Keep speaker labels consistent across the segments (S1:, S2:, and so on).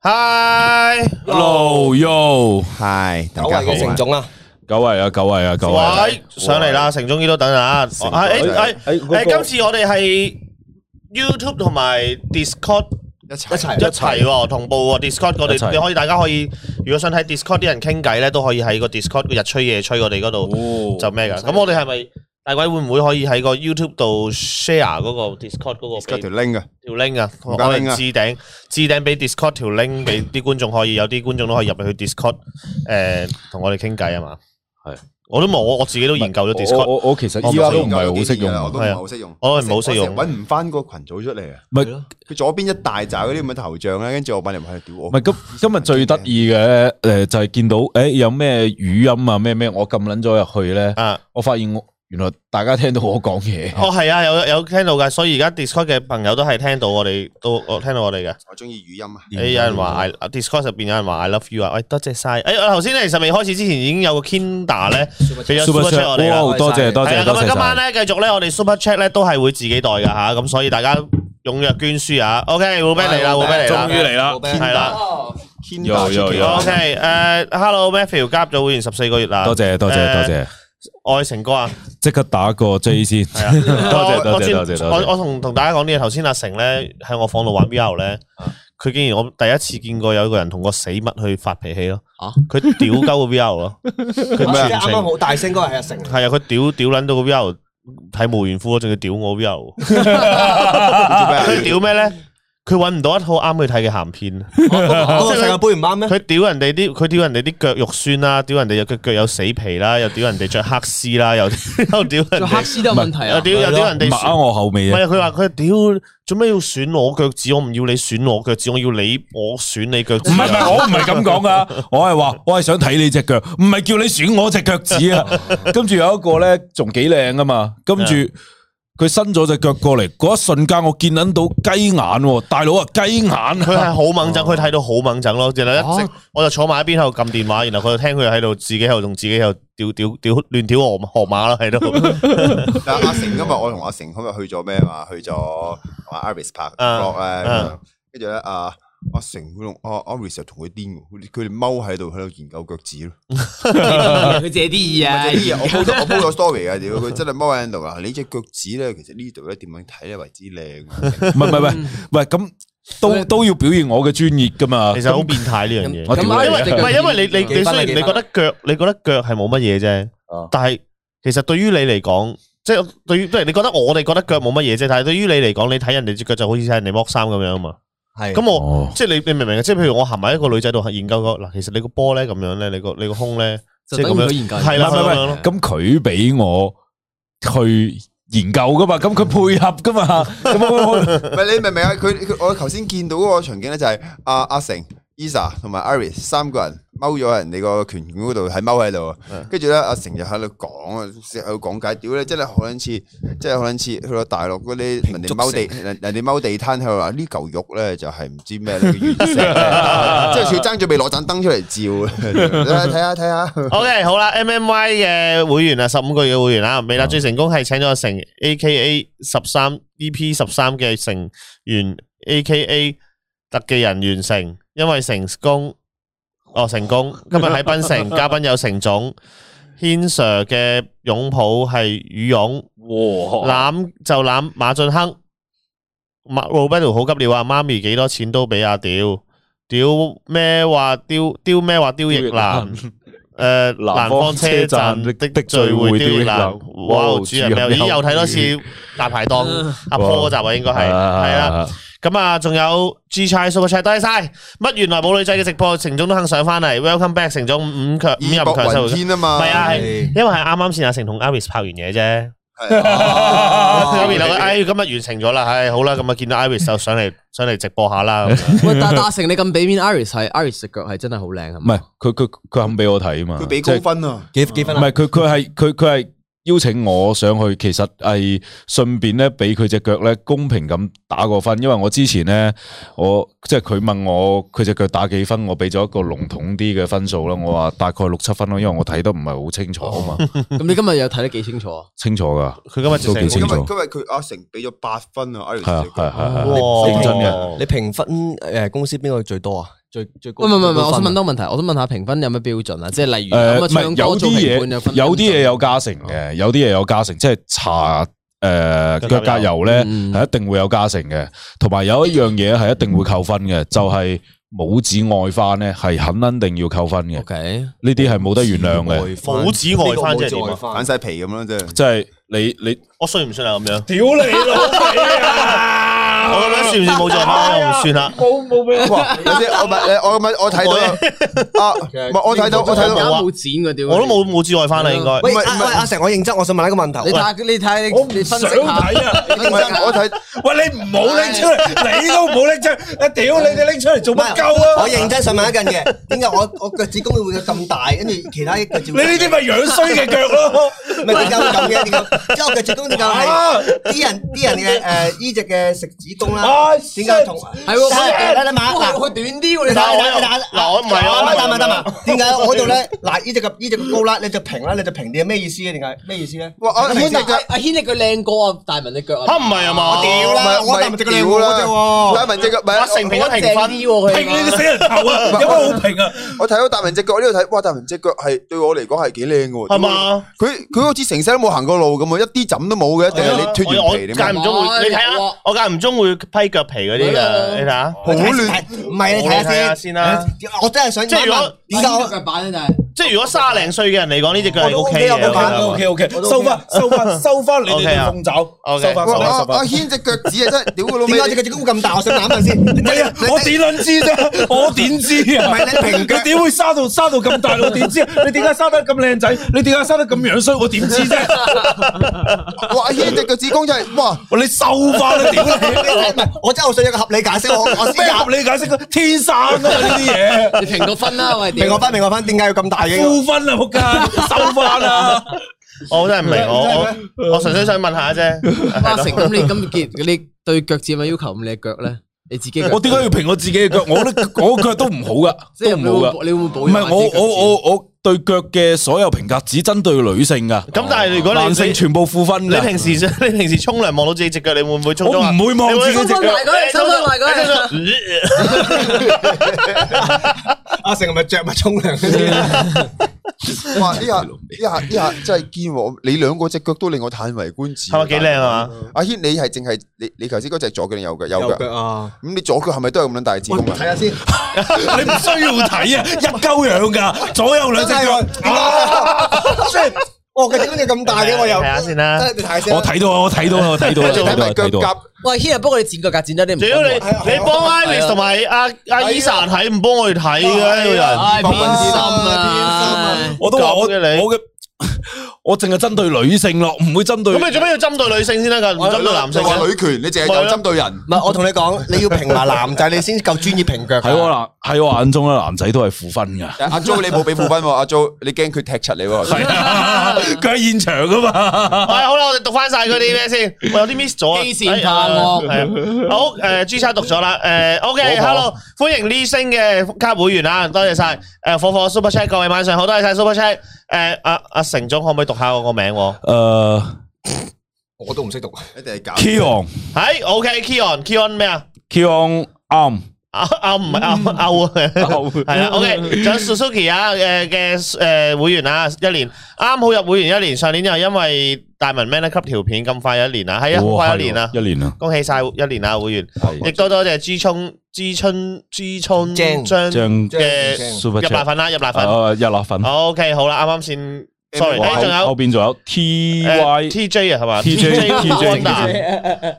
S1: Hi，Hello，Yo，Hi，大家好。成總啦，久違啊，久違啊，久違上嚟啦。成中依都等下，係係係今次我哋係 YouTube 同埋 Discord 一齊一齊一齊同步喎。Discord 我哋你可以大家可以如果想睇 Discord 啲人傾偈咧，都可以喺個 Discord 日吹夜吹我哋嗰度就咩噶。咁我哋係咪？大鬼會唔會可以喺個 YouTube 度 share 嗰個 Discord 嗰個條 link 啊，條 link 嘅，可以置頂置頂俾 Discord 條 link，俾啲觀眾可以，有啲觀眾都可以入去 Discord，誒，同我哋傾偈啊嘛。係，我都冇，我自己都研究咗 Discord。我我其實依家都唔係好識用，我都唔
S2: 係好識用。
S1: 我唔係冇識
S3: 用，搵唔返個群組出嚟啊！咪咯，佢左邊一大扎嗰啲咁嘅頭像咧，跟住我入嚟唔係屌
S4: 我。咪今今日最得意嘅誒，就係見到誒有咩語音啊，咩咩，我撳捻咗入去咧，我發現我。原來大家聽到我講嘢，
S1: 哦係啊，有有聽到嘅，所以而家 Discord 嘅朋友都係聽到我哋，都我聽到我哋嘅。我中意語音啊，誒，有人話，Discord 入邊有人話 I love you 啊，喂，多謝晒。誒，我頭先咧，其實未開始之前已經有個 Kinder 咧，俾咗 Super Chat 我哋。哇，多謝多謝。咁啊，今晚咧繼續咧，我哋 Super Chat 咧都係會自己代嘅吓，咁所以大家踴躍捐輸啊。OK，會俾你啦，會俾你啦。終於嚟啦，係啦
S2: ，Kinder，OK，
S1: 誒，Hello，Matthew，加入咗會員十四個月啦。多謝多謝多謝。愛成哥啊，
S4: 即刻打個 J 先。係啊，多謝多謝
S1: 多謝。我我同同大家講啲嘢，頭先阿成咧喺我房度玩 V R 咧，佢竟然我第一次見過有一個人同個死物去發脾氣咯。啊，佢屌鳩個 V R 咯。佢咩聲？啱啱好大聲，嗰個係阿成。係啊，佢屌屌撚到個 V R 睇無怨婦，仲要屌我 V R。做咩啊？屌咩咧？佢揾唔到一套啱佢睇嘅鹹片，世界盃唔啱咩？佢屌人哋啲，佢屌人哋啲腳肉酸啦，屌人哋又腳腳有死皮啦，又屌人哋着黑絲啦，又屌人。著黑絲有問題啊！屌又屌人哋，抹我後尾啊！唔係佢話佢屌，做咩要選我腳趾？我唔要你選我腳趾，我要你我選
S4: 你腳趾，啊。唔係唔係，我唔係咁講噶，我係話我係想睇你隻腳，唔係叫你選我隻腳趾啊！跟住 有一個咧，仲幾靚啊嘛，跟住。佢伸咗隻腳過嚟，嗰一瞬間我見到雞眼，大佬啊，雞眼，佢係好猛整，佢睇到
S1: 好猛整咯，然後一直我就坐埋一邊喺度撳電話，然後佢聽佢喺度自己又同自己又屌屌屌亂屌河河馬喺度。 阿
S3: 成今日我同阿成今日去咗咩 啊？去咗話 Arvis Park 咧，跟住呢。阿成佢同阿阿 rich 又同佢癲，佢佢哋踎喺度喺度研究腳趾咯。佢借啲
S4: 意啊，我報咗我報咗 sorry 啊，屌佢真
S3: 係踎喺度啊！你隻腳趾咧，其實呢度咧點樣睇咧為之靚啊？
S1: 唔係唔係
S4: 唔係，喂咁都都要表現我嘅專業噶嘛？
S1: 其實好變態呢樣嘢，唔係因為你你你雖然你覺得腳，你覺得腳係冇乜嘢啫，但係其實對於你嚟講，即係對於即係你覺得我哋覺得腳冇乜嘢啫，但係對於你嚟講，你睇人哋隻腳就好似睇人哋剝衫咁樣啊嘛。係，咁我、哦、即係你，你明唔明啊？即係譬如我行埋一個女仔度，係研究個嗱，其實你個波咧咁樣咧，你個你個胸咧，即係咁樣研
S4: 究，係啦，咁佢俾我去研究噶嘛，咁佢配合噶
S2: 嘛。唔
S3: 係你明唔明啊？佢佢我頭先見到嗰個場景咧，就係阿阿成、 Isa 同埋 Arri 三個人。踎咗喺人哋個拳館嗰度，喺踎喺度。跟住咧，阿成日喺度講啊，成日喺度講解。屌咧，真係好撚似，真係好撚似去到大陸嗰啲人哋踎地，人哋踎地攤，喺度話呢嚿肉咧就係唔知咩，即係要爭住未攞盞燈出嚟照。睇下睇
S1: 下。OK，好啦，MMY 嘅會員啊，十五個月嘅會員啦。美娜最成功係請咗阿成，AKA 十三 EP 十三嘅成員，AKA 特技人完成，因為成功。 哦，成功！今日喺檳城，嘉賓有成總， 軒 Sir 嘅擁抱係羽絨，
S4: 攬
S1: 就攬馬俊亨，Roberto 好急尿啊！媽咪幾多錢都畀阿屌屌咩話？丟丟咩話？丟翼男。誒南方車站的的聚會啲嘢，哇！主人，又睇多次大排檔阿婆嗰集啊，應該係係啊。咁啊，仲有志菜素菜多謝晒！乜原來冇女仔嘅直播，成總都肯上翻嚟。Welcome back，成總五強五入強收尾，係啊，因為係啱啱先阿成同阿 Chris 拍完嘢啫。哎咁 啊完成咗啦，嗯、哎好啦，咁啊見到 Iris 就上嚟 上嚟直播下啦。喂，大大
S5: 成你咁俾面 Iris，係 Iris 隻腳係真係好靚，係
S4: 唔係？佢佢佢肯俾我睇啊嘛。佢俾高分啊，就是、幾幾分、啊？唔係，佢佢係佢佢係。邀請我上去，其實係順便咧，俾佢隻腳咧公平咁打個分，因為我之前咧，我即係佢問我佢隻腳打幾分，我俾咗一個籠統啲嘅分數啦，我話大概六七分咯，因為我睇得唔係好清楚啊嘛。
S5: 咁你今日又睇得幾清楚啊？
S4: 清楚噶，佢今日做幾清楚。
S3: 今日佢阿成俾
S5: 咗
S6: 八分啊，Alex。係啊係
S4: 係認真嘅。
S5: 你評分誒公司邊個最多啊？最最高唔唔唔唔，我想問多問題，我想問下評分有咩標準啊？即係例如誒，呃、唱嘢歌有啲嘢
S4: 有,有加成嘅，嗯、有啲嘢有加成，即係搽誒腳甲油咧係、嗯、一定會有加成嘅，同埋有一樣嘢係一定會扣分嘅，就係拇指外翻咧係肯肯定要扣分嘅。OK，呢啲係冇得原諒嘅，拇指外
S3: 翻即係反晒皮咁樣啫，即係你你我信唔信啊？咁樣屌你老
S2: 我咁樣算唔算
S1: 冇錯啦，算啦，
S2: 冇冇俾我。我唔
S3: 係，我唔係，我睇到啊，唔係我睇到，我睇到啊，冇
S1: 剪嘅，點我都冇冇剪翻啦，應
S6: 該。唔係唔係，阿成，我認真，我想問一個問題。你
S3: 睇，你睇，我想睇啊。唔係，
S6: 我
S4: 睇。喂，你唔好拎出嚟，你都唔好拎出嚟。屌你，你拎出嚟做乜鳩啊？我認真
S6: 想問一陣嘅，點解我我腳趾公會咁大？跟住其他腳趾，你呢啲咪樣衰嘅腳咯？咪腳會咁嘅點解？即
S2: 係我腳趾公點解係啲人啲人嘅
S6: 誒衣著嘅食指。啦！點解？係喎，睇下啦嘛，嗱，佢短啲喎，你睇下，嗱，我唔係啊，點解？我度咧，嗱，呢隻呢隻高
S5: 啦，你就平啦，你就平啲係咩意思？點解？咩意思咧？阿
S6: 軒隻腳，阿軒隻腳靚過大文隻腳啊？吓，唔係啊嘛？我屌啦，我大文隻腳啦，大文隻
S3: 腳咪成皮都平翻啲喎，平死人頭啊！有冇好平啊？我睇到大文隻腳呢度睇，哇！大文隻腳係對我嚟講係幾靚嘅，係嘛？佢佢好似成世都冇行過路咁啊，一啲枕都冇嘅，定係你脫完皮點解？我間唔中會，你睇下，
S1: 我間唔中會。批腳皮嗰啲啊，你睇下，好亂，唔係你睇下先啦。我真係想，
S6: 即係如果，而家我腳板咧就
S1: 係，即係如果卅零歲嘅人嚟講呢隻腳係 OK 嘅啦。OK OK，收翻，收翻，收翻你哋送走。收阿阿軒隻腳趾啊，真係，屌佢老味！點解
S3: 隻腳趾公咁大？我諗下先。你啊，我點卵知啫？我點知啊？唔係平，你點
S4: 會生到生到咁大？我點知？你點解生得咁靚仔？你點解生得咁樣衰？我點知啫？哇！阿軒隻腳趾公就係，哇！你收翻你屌唔係，我真係好想一個合理解釋。咩合理解釋？天生啊，呢
S6: 啲嘢。你評個分啦，喂！評個分，評個分，點解要咁大嘅？高分啊，仆街！
S1: 收翻啦！
S5: 我真係
S6: 唔明，我
S1: 我我純粹想問下啫。阿成，咁你咁結，
S5: 你對腳趾有冇要求？咁你腳咧？你自己，我點解要評我自己嘅腳？我覺
S4: 得我腳都唔好噶，即係唔好噶。你會唔會補？唔係我我我我。對腳嘅所有評價只針對女性噶，咁但係如果男性全部負分。你
S1: 平時你平時沖涼望到自己隻腳，你會唔會沖沖啊？我唔會望自己隻
S4: 腳。沖沖埋嗰隻，冲沖埋嗰隻。
S6: 阿成係咪着乜沖涼先？
S3: 哇！呢下呢下呢下真係見我，你兩個隻腳都令我嘆為觀止。係咪幾靚啊？阿軒，你係淨係你你頭先嗰隻左腳右嘅，右嘅。咁你左腳係咪都係咁樣大字噶？係啊，
S2: 先你唔需要睇啊，一
S6: 鳩樣噶，左右兩。真
S1: 我點啊？佢點解你咁大嘅？我又睇下先啦，我睇到，我睇到，
S2: 我睇到。仲睇埋腳甲？
S1: 喂，Here，幫我哋剪腳甲剪咗啲唔？主你你幫 Iris 同埋阿阿 Elsa 睇，唔
S4: 幫我哋睇嘅呢個人，偏
S1: 心啊！我都話
S4: 我嘅你。我淨係針對女性咯，唔會針對。咁你做咩要針
S1: 對女性先得噶？唔針對男性。女
S4: 權，你淨係咁針對人。唔係，我同你講，你要評埋男
S3: 仔，你先夠專業評腳。喺我眼，
S4: 喺我眼中咧，男仔都係負分噶。阿 Jo，你冇俾負分喎。阿 Jo，你驚佢踢出你喎？係啊，佢喺現場噶嘛。係好啦，我哋讀翻晒嗰啲咩先，我有啲 miss 咗。底線咯，啊。好，
S1: 誒，朱差讀咗啦。誒，OK，Hello，歡迎 rising 嘅卡會員啊，多謝晒。誒，火火 Super Chat，各位晚上好，多謝晒 Super Chat。誒，阿阿、欸啊啊、成總可唔可以讀下我個名喎？誒、呃，
S3: 我都唔識讀，一定
S1: 係搞。Kion，係，OK，Kion，Kion 咩啊？Kion Arm。啊啊唔
S2: 係啊歐係啊，OK，仲有
S1: Suki 啊嘅嘅誒會員啊，一年啱好入會員一年，上年又因為大文 man 啦 cut 條片咁快一年啦，係啊，好快一年啦，一年啊，恭喜晒一年啦會員，亦多多謝朱聰朱聰朱聰張嘅入奶粉啦，入奶粉，誒，入奶粉，OK，好啦，啱啱先，sorry，
S4: 仲有後邊仲有 T Y T J 係嘛，T J T J。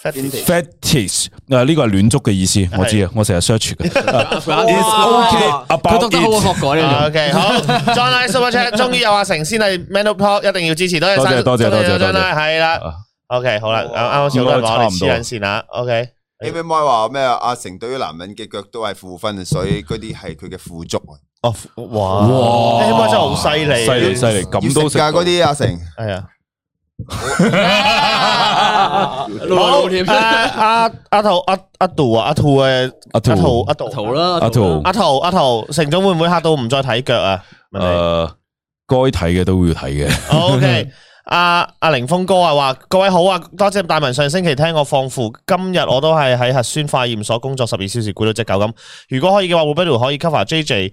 S4: Fetish 呢個係戀足嘅意思，我知啊，我成日 search
S2: 嘅。
S1: It's okay OK，好。John，I super chat，終於有阿成先係 mental p o 一定要支持多謝晒多謝多謝，真係係啦。OK，好啦，啱啱始我都冇嚟黐緊線吓。
S3: OK，Emma 話咩阿成對於男人嘅腳都係負分，所以嗰啲係佢嘅負足啊。哦，哇，Emma 真係好犀利，犀利犀利，咁都識啊？嗰啲阿
S1: 成係啊。阿阿頭阿阿杜啊阿兔誒阿兔阿杜啦阿兔阿頭阿頭，成總會唔會吓到唔再睇腳啊？誒，該睇嘅都
S4: 會要睇嘅、啊。O K，
S1: 阿阿凌峰哥啊話：各位好啊，多謝大文。上星期聽我放負，今日我都係喺核酸化驗所工作十二小時，攰到隻狗咁。如果可以嘅話，會不如可以 cover J J。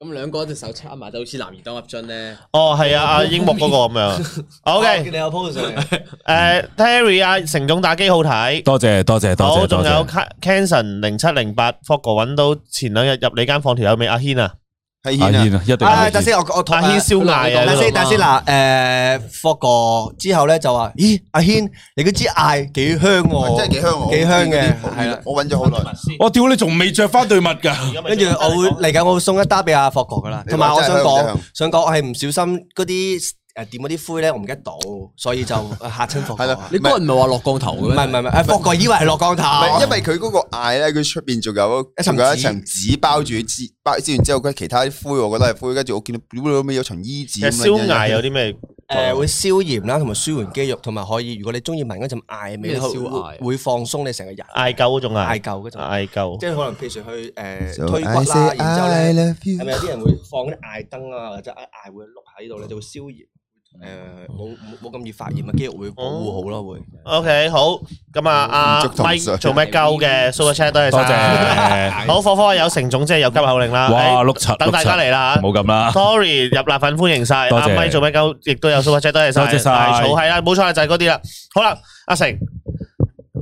S5: 咁兩個一隻手插
S1: 埋，就好似男兒當入樽咧。哦，係啊，阿櫻木嗰個咁 樣。Okay. O K，你有 pose 嚟。誒，Terry 啊，成總 打機好睇，多謝多謝多謝。好，仲有 Canson 零七零八，Fogo g 搵到前兩日入你間房條友未？阿軒啊。阿軒啊，一定阿軒燒賣啊！大師，大師嗱，誒，霍哥之後咧就話，
S6: 咦，阿軒你嗰支艾幾香喎，真係幾香喎，幾香嘅，係
S3: 啦，我揾咗好耐，
S6: 我屌你仲未着翻對襪噶，跟住我會嚟緊，我會送一打俾阿霍哥噶啦，同埋我想講，想講係唔小心嗰啲。誒掂嗰啲灰咧，我唔記得倒，所以就嚇親貨櫃。係啦，你嗰日唔係話落降頭咩？唔係唔係唔係，貨櫃以為係落降頭。因為
S3: 佢嗰個艾咧，佢出邊仲有一層一層紙包住，包燒完之後，其他灰，我覺得係灰。跟住我見到有層衣紙。其實燒艾有啲
S6: 咩？誒會消炎啦，同埋舒緩肌肉，同埋可以。如果你中意聞嗰陣艾味，燒會放鬆你成個人。
S3: 艾灸嗰種艾。艾灸嗰種
S6: 艾灸。即係可能譬如去誒推骨啦，然之後咧係咪有啲人會放啲艾燈啊，或者一艾會碌喺度咧，就會消炎。誒，冇冇冇咁易發炎，嘅肌肉
S4: 會保護
S1: 好咯，會。O K，好，咁啊，阿咪做咩鳩嘅，super chat 都係多謝。好，火火有成總即係有急口令啦。哇，碌柒，等大家嚟啦。
S2: 冇咁啦。
S1: Sorry，入立粉歡迎晒。阿咪做咩鳩，亦都有 super chat 都係多謝晒。係啊，冇錯就係嗰啲啦。好啦，阿成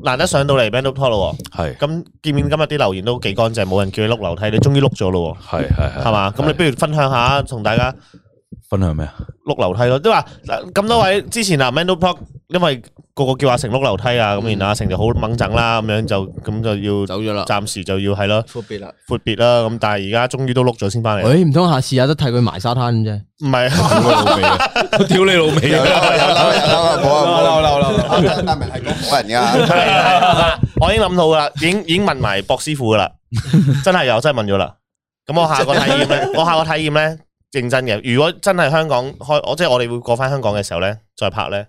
S1: 難得上到嚟 band up 拖啦。係。咁見面今日啲留言都幾乾淨，冇人叫你碌樓梯，你終於碌咗啦。係係係。係嘛？咁你不如分享下，同大家。分享咩啊？碌樓梯咯，都話咁多位之前啊，Menlo Park 因為個個叫阿成碌樓梯啊，咁然後阿成就好掹整啦，咁樣就咁就要走咗啦。暫時就要係咯，闊別啦，闊別啦。咁但係而家終於都碌咗先翻嚟。誒，唔通下次有得睇佢埋沙灘咁啫？唔係，屌你老味，溜溜溜，但係係講人噶。我已經諗到啦，已經已經問埋博師傅噶啦，真係又真係問咗啦。咁我下個體驗咧，我下個體驗咧。認真嘅，如果真係香港開，即我即係我哋會過翻香港嘅時候咧，再拍咧，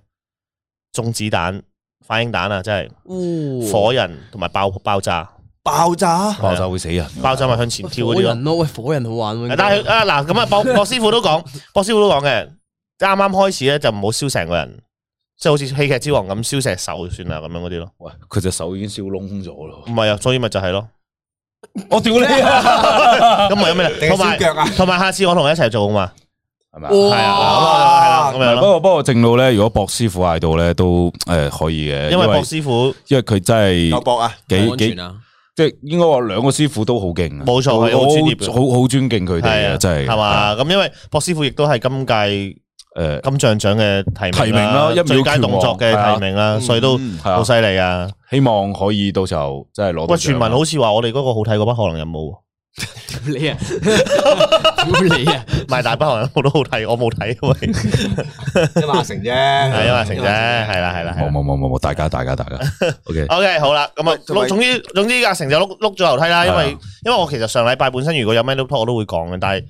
S1: 中子彈、反應彈啊，真係，火人同埋爆炸，爆炸，爆炸，對爆炸會死人，爆炸咪向前跳嗰啲咯。喂，火人好玩，但係啊嗱，咁啊，博博是、 啊、師傅都講，博師傅都講嘅，啱啱開始咧就唔好燒成個人，即、就、係、是、好似喜劇之王咁燒隻手就算啦，咁樣嗰啲咯。喂，佢隻手已經燒窿咗咯。唔係啊，所以咪就係咯。
S4: 我屌你啊！咁咪有咩？
S1: 同埋下次我同你一齊做啊嘛，
S2: 係咪？哇！係啦，咁樣，
S1: 不
S4: 過不過正路咧，如果博師傅喺度咧，都誒可以嘅。因為博師傅，因為佢真係有博啊，幾幾啊，即係應該話兩個師傅都好勁，冇錯，係好專業，好好尊敬佢哋啊，真係。係嘛？
S1: 咁因為博師傅亦都係今屆。誒，金像獎嘅提名啦，最佳動作嘅提名啦，所以都好犀利啊！希望可以到時候真係攞。喂，傳聞好似話我哋嗰個好睇過不可能有冇？
S2: 屌你啊！
S1: 屌你啊！賣大班可能我都好睇，我冇睇喂。
S2: 阿成啫，係阿成啫，
S1: 係啦
S4: 係啦，冇冇冇冇冇，大家大家大家。
S1: O K O K 好啦，咁啊，總之總之阿成就碌碌咗樓梯啦，因為因為我其實上禮拜本身如果有咩 new talk 我都會講嘅，但係。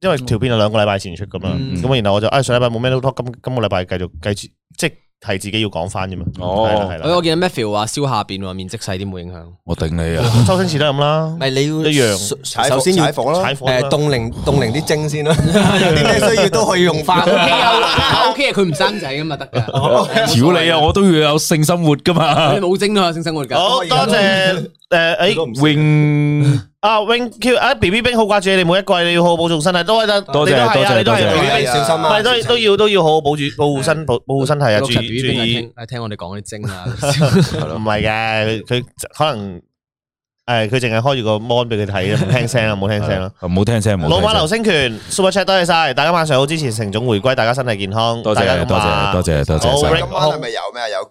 S1: 因為條片係兩個禮拜前出噶嘛，咁然後我就啊上禮拜冇咩都 talk 今今個禮拜繼續繼續，即係自己要講翻啫嘛。
S4: 哦，係啦，
S5: 我見到 Matthew 話燒下邊，面積細啲冇影響。
S4: 我頂你啊！
S5: 周星馳都係咁啦，咪你要
S6: 一樣，首先要踩
S4: 火啦，誒凍齡凍齡啲
S5: 精先啦，啲咩需要都可以用返，O K 啊，佢唔生仔噶嘛得
S4: 噶。屌你啊，我都要有性生活噶嘛。你
S1: 冇精都有性生活噶。好多謝。誒，誒，wing 啊，wing Q 啊，B B 冰好掛住你，每一季你要好好保重身體，多謝多謝，你都係啊，你都係，小心啊，唔係都都要都要好好保住保護身保保護身體啊，注意，注意，聽我哋講啲精啊，唔係嘅，佢可能誒，佢淨係開住個 mon 俾佢睇，唔好聽聲啦，冇聽聲啦，
S4: 冇聽聲。老馬劉
S1: 星權 super chat，多謝曬，大家晚上好，支持成總回歸，大家身體健康，多謝多謝多謝多謝。咁係咪有咩有？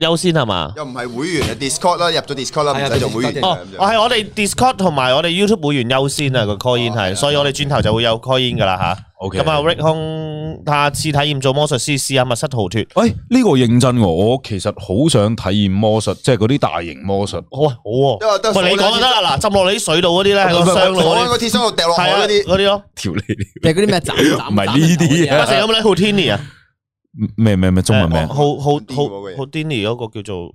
S1: 優先係嘛？又唔係會
S3: 員？Discord 啦，入咗
S1: Discord 啦，唔使做會員。哦，我係我哋 Discord 同埋我哋 YouTube 會員優先啊個 Coin 係，所以我哋轉頭就會有 Coin 噶啦
S4: 吓。O K，咁啊，Rich o 康下次體驗做魔術師，試下密室逃脫。喂，呢個認真我，其實好想體驗魔術，即係嗰啲大型魔術。好啊，好啊。喂，
S1: 你講就得啦，浸落你啲水度嗰啲咧，喺個
S4: 箱度，喺個鐵箱度掉落去嗰啲嗰啲咯，條脷，係嗰啲咩？唔係呢啲啊，有冇咧 Houdini 啊？咩咩咩中文名？好好
S1: 好好，Houdini 嗰個叫做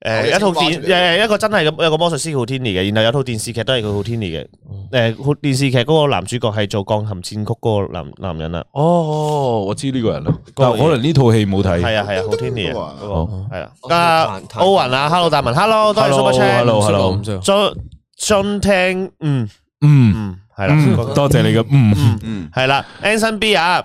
S1: 誒一套電誒一個真係嘅有個魔術師 Houdini 嘅，然後有套電視劇都係佢 Houdini 嘅。誒電視劇嗰個男主角係做鋼琴戰曲嗰個男男人啦。哦，我知呢個人啦，
S4: 但可能呢套戲
S1: 冇睇。係啊係啊，Houdini 啊，好係啦。阿歐云啊，Hello 大文，Hello 多謝 Super Chat，Hello Hello John John 聽，嗯嗯
S2: 係啦，多謝你嘅嗯嗯
S1: 係啦，N 三 B 啊。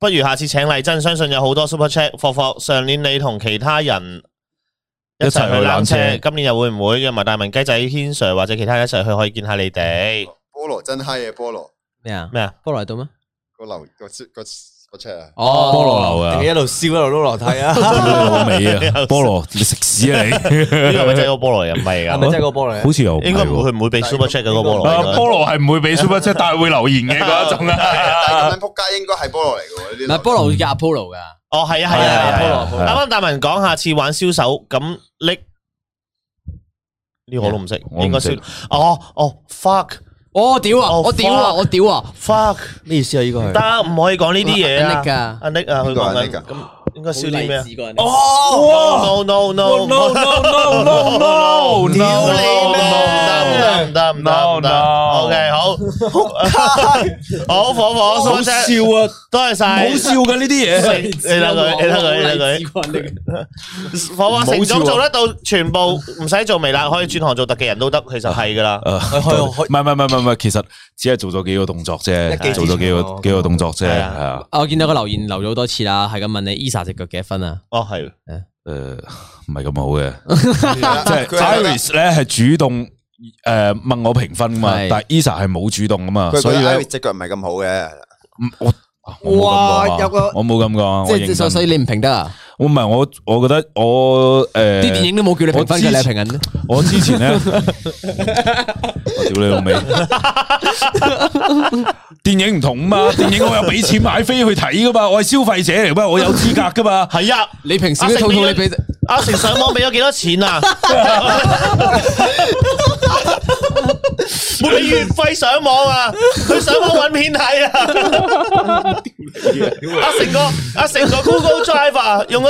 S1: 不如下次請麗珍，相信有好多 Super Chat 霍霍。上年你同其他人一齊去纜車，車今年又會唔會？約埋大文雞仔、天 Sir 或者其他一齊去，可以見下你哋。
S3: 菠蘿真 hi 麼麼菠蘿
S1: 咩啊，咩啊菠蘿喺度咩？
S3: 個流個哦，菠蘿流
S1: 啊！你一
S6: 路笑一路碌樓睇
S3: 啊！好味啊！菠蘿，
S1: 你食屎啊你？係咪真係個菠蘿又唔係啊？係咪真係個菠蘿？好似有，應該唔會，佢唔會俾 Super Chat 嘅個菠蘿。菠蘿
S4: 係唔會俾 Super Chat，但係會留言嘅嗰一種啦。但係咁樣撲街應該係
S5: 菠
S1: 蘿嚟嘅嗰啲。嗱，菠蘿廿菠蘿噶。哦，係啊，係啊，菠蘿。啱啱大文講，下次玩燒手咁呢？呢我都唔識，應該燒。哦哦，fuck。我屌啊！我屌啊！我屌啊！fuck 咩意思啊？呢個係得唔可以講呢啲嘢啊？阿 Nick 阿 Nick 啊，佢講啊？ 唔該少啲咩？哦，no no no no no no no no，唔得唔得唔得，OK 好，好放放，好笑啊！多謝晒，好笑㗎呢啲嘢，你睇佢，你睇佢，你睇
S2: 佢，放放成長做得
S1: 到，全部唔使做微辣，可以轉行做特技人都得，其實係㗎啦。
S4: 唔係唔係唔係唔係，其實只係做咗幾個動作啫，做咗幾個幾個動作啫。
S1: 係啊，我見到個留言
S5: 留咗好多次啦，係咁問你，Esa。隻腳幾多分啊？哦，係，誒、呃，誒，
S4: 唔係咁好嘅，即係 Iris 咧係主動誒問我評分嘛，的但係 Elsa 係冇主動啊嘛，所以
S3: 隻腳唔係咁好嘅。
S4: 我哇，有個我冇咁講，即係所所以你唔評得啊？我唔係我，我覺得我誒，啲電影都冇叫你評分嘅，你評緊咧？我之前咧，我屌你老味，電影唔同啊嘛，電影我有俾錢買飛去睇噶嘛，我係消費者嚟，不我有資格噶嘛？係啊，你平時一套套你俾阿成上網俾咗幾多
S1: 錢啊？我月費上網啊，佢上網搵片睇啊！阿成哥，阿成個 Google Drive 用咗。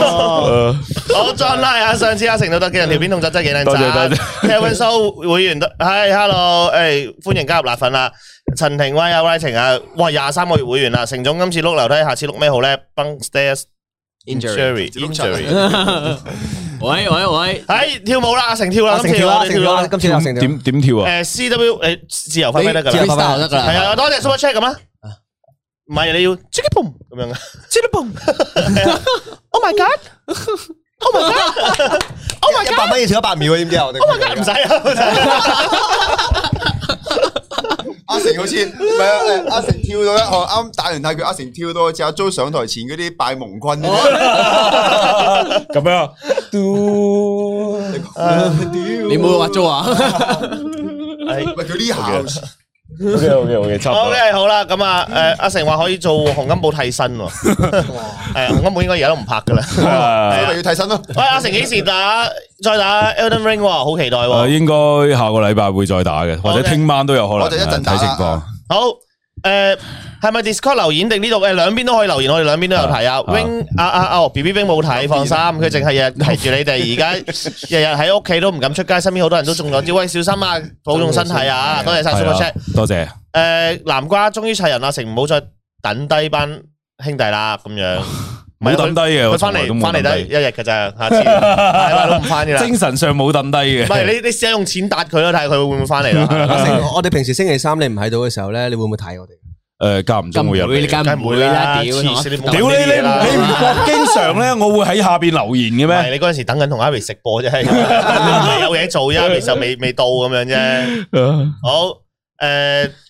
S1: 好，好，裝辣啊！上次阿成都得幾難，條片動作真係幾靚仔。Kevin Show 會員都係，Hello，誒，歡迎加入辣粉啦！陳庭威啊，威晴啊，哇，廿三個月會員啦！成總今次碌樓梯，下次碌咩好咧？崩 stairs，injury，injury。喂喂喂，喺跳舞啦，成跳啦，成跳啦，成跳啦！今次阿成點點跳啊？誒，C W，誒，自由發揮得㗎，自由發揮得㗎，係啊，多謝 Supercheck 咁啊？唔係你要 jump 咁樣啊，jump！Oh my god！Oh my god！Oh my god！一
S3: 百蚊要跳一百秒，知唔知啊？我哋！Oh my god！唔使啊！阿成好似唔係啊！阿成跳到哦啱打完太極，阿成跳到似阿租上台前嗰啲拜蒙君。
S4: 咁樣。你冇話租啊？
S3: 咪佢呢行？
S1: O K O K O K，好啦，咁啊、okay, well, okay, well, uh, uh,，誒，阿成話可以做洪金寶替身喎，係啊，洪金寶應該而家都唔拍噶啦，係啊，因為要替身咯。喂，阿成幾時打？再打《Elden Ring》喎，好期待
S4: 喎，啊。應該下個禮拜會再打嘅，okay, 或者聽晚都有可能。我哋一陣
S2: 睇情況，
S1: 好。誒，係咪、呃、Discord 留言，定呢度？誒，兩邊都可以留言，我
S2: 哋兩邊都有睇啊。wing
S1: 阿阿哦，B B wing 冇睇，放心，佢淨係日日提住你哋。而 家日日喺屋企都唔敢出街，身邊好多人都中咗招。喂，小心啊，保重身體啊！多謝晒，Super Chat，多謝。誒、啊呃，南瓜終於齊人啦，成唔好再等低班兄弟啦，咁
S4: 樣。 冇抌低嘅，佢翻嚟翻嚟得一
S1: 日嘅咋，下次係啦，攞唔翻嘅啦。精
S4: 神上冇抌低嘅，唔係你
S1: 你試下用錢搭佢咯，睇下佢會唔會翻嚟啦。我我哋平時星期三你唔喺度嘅時候咧，你會唔會睇我哋？
S4: 誒，加唔到每日嘅。唔會，呢家
S1: 唔會啦。屌，屌你你唔經常咧，我會喺下邊留言嘅咩？你嗰陣時等緊同阿 V 食播啫，有嘢做，阿 V 就未未到咁樣啫。好，誒。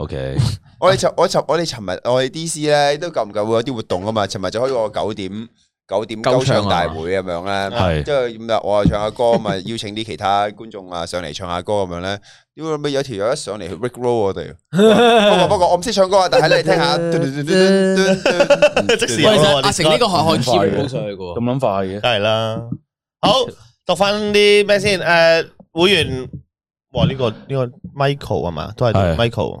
S3: OK，我哋尋我尋我哋尋日我哋 D.C 咧都夠唔夠會有啲活動啊嘛？尋日就開個九點九點高唱大會咁樣咧，即係我啊唱下歌，咪邀請啲其他觀眾啊上嚟唱下歌咁樣咧。點會有條友一上嚟，Rick Roll 我哋，不過不過我唔識唱歌啊，但係你嚟聽下。即時阿成呢個係可以黐唔黐上去嘅，
S4: 咁諗快嘅，梗係啦。
S1: 好讀翻啲咩先？誒，會員嘩呢個呢個 Michael 啊嘛，都係 Michael。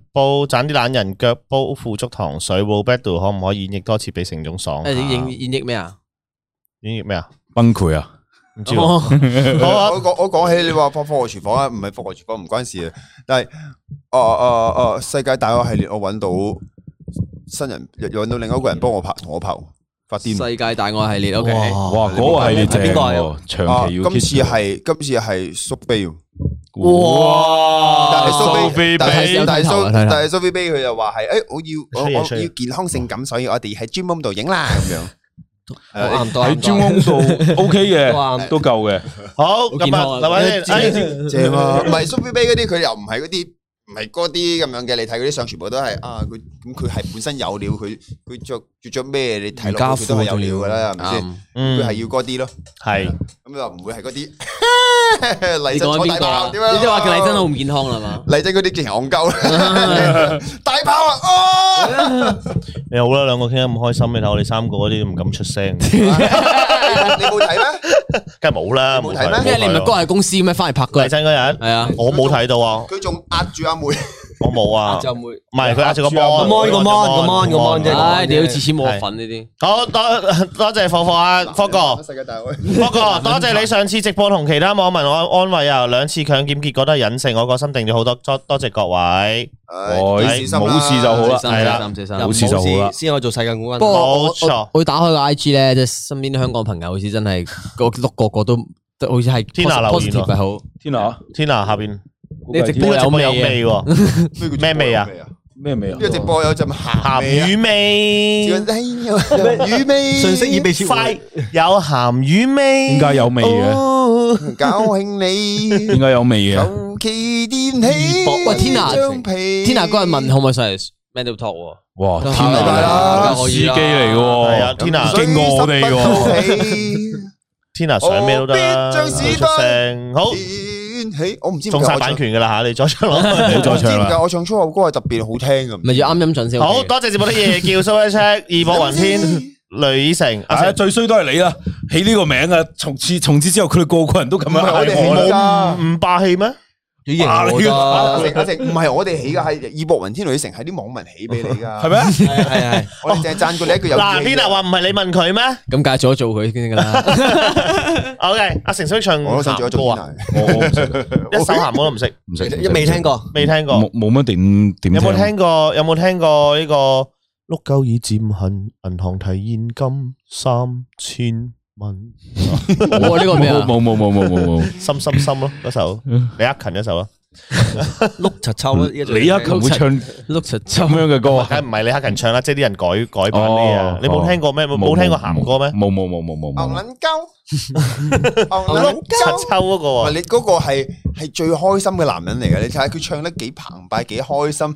S1: 煲賺啲懶人腳，煲腐竹糖水 Battle 可唔可以演繹多次俾成總爽？誒，演繹演繹咩啊？演繹咩啊？崩潰啊！
S3: 我我我講起你話《放放學廚房》啊，唔係《放學廚房》唔關事嘅，但係誒誒誒，世界大學系列我揾到新人，又又揾到另外一個人幫我拍，同我拍。世
S5: 界大愛系列，OK？哇，嗰個系列即係邊個，長期要。今次係
S3: 今次係蘇菲，哇！但係蘇菲，但係但係蘇，但係蘇菲貝佢又話係，誒，我要我我要健康性感，所以我哋喺 gym 度影啦，
S6: 咁樣喺 gym 度 OK 嘅，都
S3: 夠嘅。好，咁啊，係咪先？謝啊，唔係蘇菲貝嗰啲，佢又唔係嗰啲。唔係嗰啲咁樣嘅，你睇嗰啲相全部都係啊，佢咁佢係本身有料，佢佢著著著咩？你睇落佢都係有料㗎啦，係咪佢係要嗰啲咯，係咁話唔會係嗰啲麗珍邊個？你即係話叫麗珍好唔健康啦嘛？麗珍嗰
S1: 啲勁戇鳩，
S2: 大炮啊！
S1: 你好啦，兩個傾得咁開心，你睇我哋三個嗰啲都唔敢出聲。你冇睇咩？梗係冇啦，冇睇咩？咩看你唔係哥係公司咩？翻嚟拍過，最真嗰日係啊，我冇睇到啊，佢仲壓住阿妹。我冇啊，壓住每，唔係佢壓住個波，個 mon 個 mon 個 mon 個 mon 啫。唉，屌，次次冇份呢啲。好多多謝福福啊，福哥，福哥多謝你上次直播同其他網民我安慰啊，兩次強檢結果都係隱性，我個心定咗好多，多多謝各位。冇事就好啦，係啦，有冇事就好啦。先可以做世界冠軍。冇錯，
S5: 我打開個 IG 咧，即係身邊啲香港朋友好似真係個碌個個都
S1: 都好似係 positive 好。天啊，天啊，下邊。你
S3: 直播有冇有味？咩味
S1: 啊？咩味啊？呢個直播有陣咸魚味，魚味，信息已被撤回。有咸魚味，點解有味嘅。搞興你，點解有味嘅。直播個
S5: Tina，張被 Tina 問可唔可以上嚟？Man Talk。哇天啊！Tina 係啦，司
S1: 機嚟嘅。Tina 我哋。天啊！上咩都得，唔出聲，好。嘿，我唔知點解，仲殺版權噶啦吓，你再
S3: 唱，唔好再唱啦。我唱粗口歌係特別好聽噶。咪要啱音準先。好多謝節目啲嘢叫蘇一 check，義薄雲天，
S4: 雷成，而且最衰都係你啦，起呢個名啊，從此從此之後，佢哋個個人都咁樣嗌我啦。
S1: 冇唔霸氣咩？你型我型，唔係我哋
S3: 起噶，係義薄雲天雷城，係啲網民起俾你噶，係咩？係係係，我哋淨係讚佢你一句有。嗱，天啊，
S1: 話唔係你問佢咩？
S5: 咁介紹咗做佢先噶啦。
S1: O K，阿成想唱歌啊，我一首鹹歌都唔識，唔識，一未聽過，未聽過，冇
S4: 冇乜點點。有冇聽
S1: 過？有冇聽過呢個碌鳩耳漸恨，銀行提現金三千？問我呢個咩啊？冇冇冇冇冇冇冇，深深深咯，嗰首李克勤嗰首啊，碌柒抽啊！李克勤唔唱碌柒抽咁樣嘅歌，梗唔係李克勤唱啦，即係啲人改改版啲啊！
S4: 你冇聽過咩？冇冇聽過咸歌咩？冇冇冇
S1: 冇冇。咸卵
S4: 鳩，
S3: 碌柒抽嗰個啊！你嗰個係係最開心嘅男人嚟嘅，你睇下佢唱得幾澎湃，幾開心。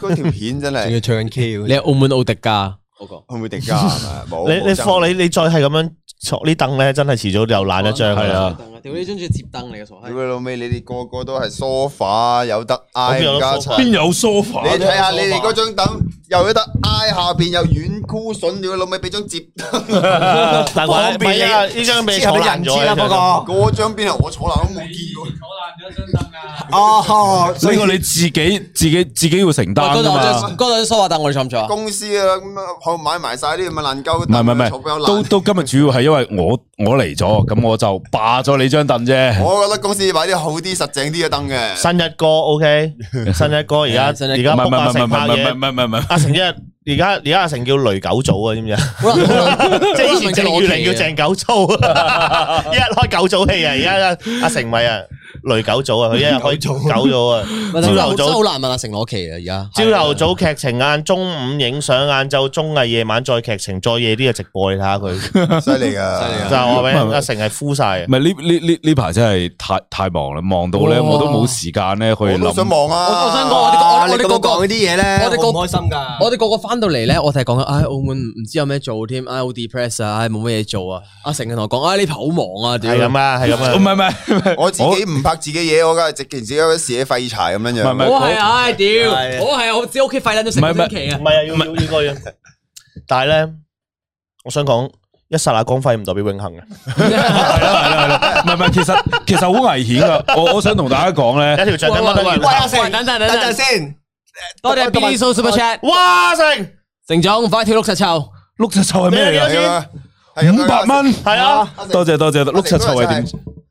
S3: 個條
S1: 片真係仲要唱緊 K，你係澳門奧迪噶？
S3: 嗰個澳門奧迪係嘛？冇。你你放
S1: 你你再係咁樣。坐呢凳咧，真係遲早就爛一張
S4: 嘅。
S3: 屌你張仲要接燈嚟嘅傻閪！屌你老味，你哋個個都係 sofa，有得挨而家。邊有
S4: sofa？你睇下你哋
S3: 嗰張凳，又有得挨下邊又軟箍筍。屌你老味，俾張接
S2: 燈。方便啊！呢張俾人黐咗啦，嗰
S3: 個。嗰張邊係我坐爛，我冇見過我坐爛咗張
S4: 凳㗎。啊哈！所以你自己自己自己要承擔啊！嗰陣 sofa 凳我哋坐唔坐
S3: 啊？公司啊，咁樣，買埋曬啲咁嘅爛鳩。唔唔唔，都
S4: 都今日主要係因為我我嚟咗，咁我就霸咗你張。張燈啫，我覺
S3: 得公司要買啲好啲、實淨啲嘅燈嘅。
S4: 新一哥，OK？
S1: 新一哥而家而家唔唔唔唔唔唔唔唔唔阿成一，而家而家阿成叫雷九組啊，知唔知啊？即係以前鄭月玲叫鄭九粗，一日開九組戲啊！而家阿成唔係啊。雷九組啊，佢一日可以做九組啊。朝頭早好難啊，
S5: 問阿成攞期啊，而家
S1: 朝頭早劇情晏，中午影相，晏晝綜藝，夜
S4: 晚再劇情，再夜啲啊直播，你睇下佢
S1: 犀利啊，犀利啊！就我哋阿成係敷晒，
S4: 唔係呢呢呢排真係太太忙啦，忙到咧我都冇時間咧去諗。我想忙啊！我
S5: 想我我哋個個呢啲嘢咧，我哋唔開心噶。我哋個個翻到嚟咧，我哋係講緊唉澳門唔知有咩做添，好 depress 啊，唉冇咩嘢做啊。阿成同我講啊呢排好忙啊，係咁啊，係
S3: 咁啊，唔係唔係，我自己唔拍。自己嘢我梗係直件自己嗰啲死廢柴咁樣樣。我係唉屌！我係我自己屋企廢
S1: 捻到成星期啊！唔係啊，要要嗰樣。但係咧，我想講一剎那光輝唔代表永恆嘅。係
S4: 啦係啦係啦。唔係唔係，其實其實好危險噶。我我想同大家講咧。一條仔
S1: 等
S6: 等，等陣先。多謝 B 叔 super chat。哇！
S4: 成，成長快跳六七
S1: 籌，
S5: 六七籌
S6: 係
S4: 咩嚟啊？係啊，五百蚊。係啊，多謝多謝，六七籌係點？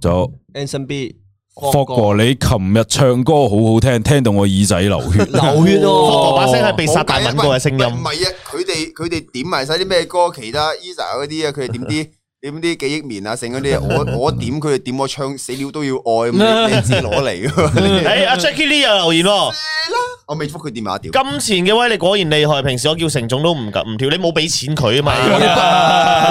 S4: 走
S5: Anson B
S6: 霍
S4: 哥，你琴日唱歌好好聽，聽到我耳仔流血， 流血、啊、哦！把聲係被殺大文過嘅聲音，唔係啊，
S3: 佢哋佢哋點埋晒啲咩歌，其他 Esa 嗰啲啊，佢哋點啲點啲幾億年啊剩嗰啲，我我點佢哋點我,我唱死了都要愛， 你先攞
S1: 嚟。誒，阿 Jackie Lee 又、啊、留言喎。我未覆佢電話，屌。金錢嘅威力果然厲害，平時我叫成總都唔敢唔跳，你冇俾錢佢啊嘛，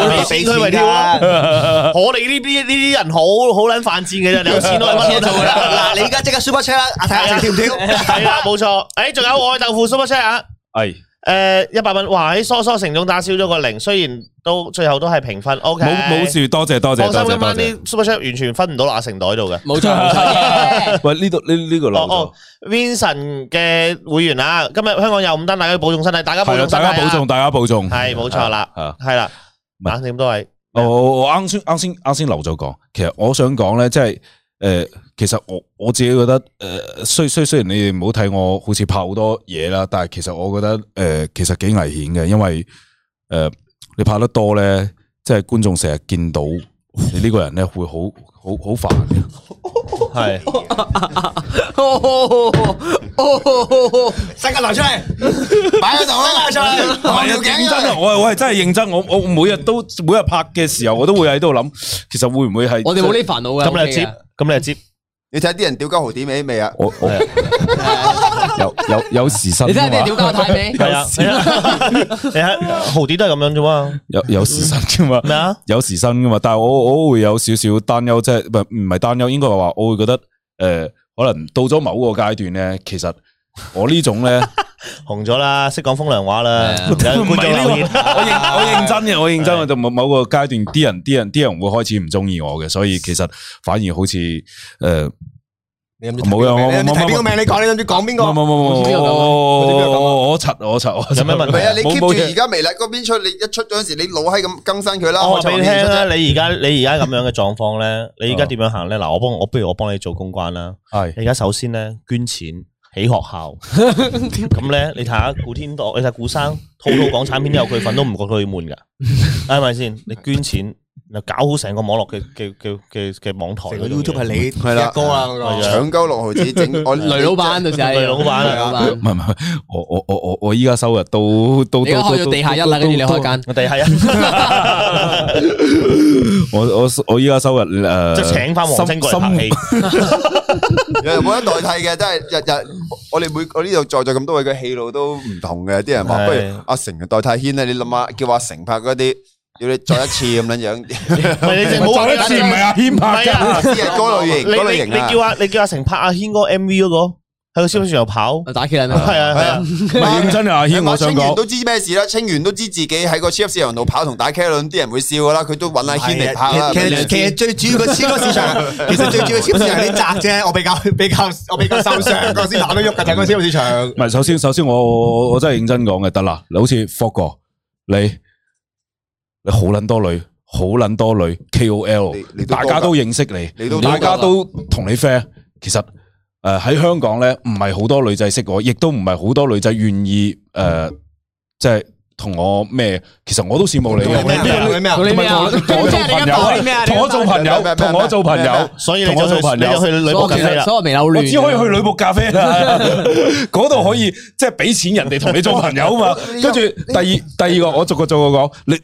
S2: 俾 錢
S1: 佢咪跳咯。 我哋呢啲人好好撚犯賤嘅啫，你有錢攞乜都做啦。嗱， 你而家即刻 Super Chat 啦，睇下跳唔跳？係啊，冇、啊、錯。誒、哎，仲有愛豆腐 Super Chat 啊？係。誒，一百蚊，哇！喺疏疏成總打少咗個零，雖然。都，最後都係平分，OK。冇冇事，多謝多謝多謝。我諗翻啲 super show 完全分唔到阿成袋度嘅，冇錯。
S4: 喂，呢度呢呢個囉。
S1: Vincent 嘅會員啊，今日香港有五單，大家保重身體，大家保重，大家保重，大家保重。係冇錯啦，係啦，
S4: 兩點都係。我我啱先啱先啱先劉總講，其實我想講咧，即係誒，其實我我自己覺得誒，雖雖雖然你哋唔好睇我好似拍好多嘢啦，但係其實我覺得誒，其實幾危險嘅，因為誒。你拍得多咧，即係觀眾成日見到你呢個人咧，會好好好煩嘅。係，
S5: 性格流出嚟，擺個頭
S4: 盔出嚟。唔係，認真，我我係真係認真。我我每日都每日拍嘅時候，我都會喺度諗，其實會唔會係？我哋冇呢煩惱嘅。咁你、就是、接，咁嚟接。你睇
S3: 啲人屌鳩豪點尾未啊？
S4: 有有有時新。你睇啲人屌
S2: 鳩
S1: 太尾。有啊。豪點都係咁樣啫嘛。
S4: 有有時新噶嘛。咩啊？有時新噶嘛。有時但係我我會有少少擔憂，即係唔唔係擔憂，應該話我會覺得誒、呃，可能到咗某個階段咧，其實我種呢種咧。 紅咗啦，識講風涼話啦。唔係呢個，我認我認真嘅，我認真啊。就某某個階段，啲人啲人啲人會開始唔中意我嘅，所以其實反而好似誒，冇啊！你提邊個名你講，你諗住講邊個？冇冇冇冇，我我七我七，有咩問題啊？keep 住而
S3: 家微粒嗰邊出，你一出嗰陣時，你老閪咁更新佢啦。我話俾你聽
S1: 啊，你而家你而家咁樣嘅狀況呢？你而家點樣行呢？我幫我不如我幫你做公關啦。你而家首先咧捐錢。畀學校咁呢，你睇下古天樂， 你睇古生，套套港產片他都有佢份，都唔覺得佢悶㗎，係咪先？你捐錢。嗱，搞好成個網絡嘅嘅嘅嘅嘅網台，成個 YouTube 係你嘅歌啦，
S3: 搶鳩六毫紙整，我雷老闆到時，雷老闆係嘛？唔係唔係，
S4: 我我我我我依家收入都都都都開咗地下一啦，跟住你開間，我地下一！我我我依家收入誒，即係請翻王晶過嚟拍
S3: 戲，有冇人代替嘅？真係日日，我哋每我呢度在座咁多位嘅戲路都唔同嘅，啲人話不如阿成代替軒啦，你諗下叫阿成拍嗰啲。要你再一次咁樣樣，唔係你淨一次，唔係阿軒拍啊！嗰類型，
S4: 你
S1: 叫阿成拍阿軒嗰個 MV 嗰個喺個超級市場度跑打麒麟，係啊係啊，唔係認真啊！阿軒我想講，都
S3: 知咩事啦，清完都知自己喺個超級市場度跑同打麒麟，啲人會笑噶啦。佢都搵阿軒
S4: 嚟跑。其實其實最主要個超級市場，其實最主要超級市場你
S6: 窄啫。我比較比較我比較受傷，我先
S4: 打得喐噶。睇個超級市場，唔係首先首先我我真係認真講嘅得啦，你好似 focus 你。好捻多女，好捻多女 KOL，大家都認識你，大家都同你 friend。其實誒喺香港咧，唔係好多女仔識我，亦都唔係好多女仔願意誒，即係同我咩？其實我都羨慕你。同我做朋友，同我做朋友，同我做朋友。所以同我做朋友去女僕，我只可以去女僕咖啡，嗰度可以即係俾錢人哋同你做朋友啊嘛。跟住第二第二個，我逐個逐個講你。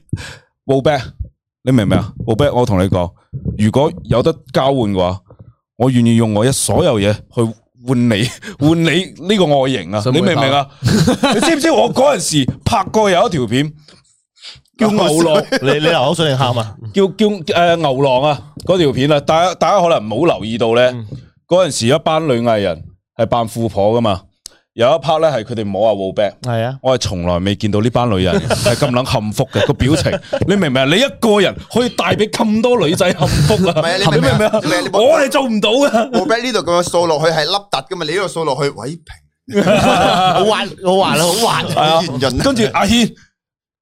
S4: b u b 你明唔明啊？b u b 我同你講，如果有得交換嘅話，我願意用我一所有嘢去換你，換你呢個外形啊！你明唔明啊？
S2: 妹妹，你知唔知
S4: 我嗰陣時拍過有一條片 叫牛郎？ 你你流口水嚟喊啊！叫叫誒牛郎啊！嗰條片啊，大家大家可能冇留意到咧，嗰陣、嗯、時一班女藝人係扮富婆噶嘛。有一 part 咧，係佢哋摸下 wholeback 係啊，啊我係從來未見到呢班女人係咁撚幸福嘅個表情，你明唔明啊？你一個人可以帶俾咁多女仔幸福啊？係啊，你明唔明啊？我係做唔到噶。wholeback 呢度咁
S3: 樣掃落去係凹凸噶嘛，你呢度掃落去委平， 好滑，好滑，好 滑。
S4: 啊，跟住阿軒。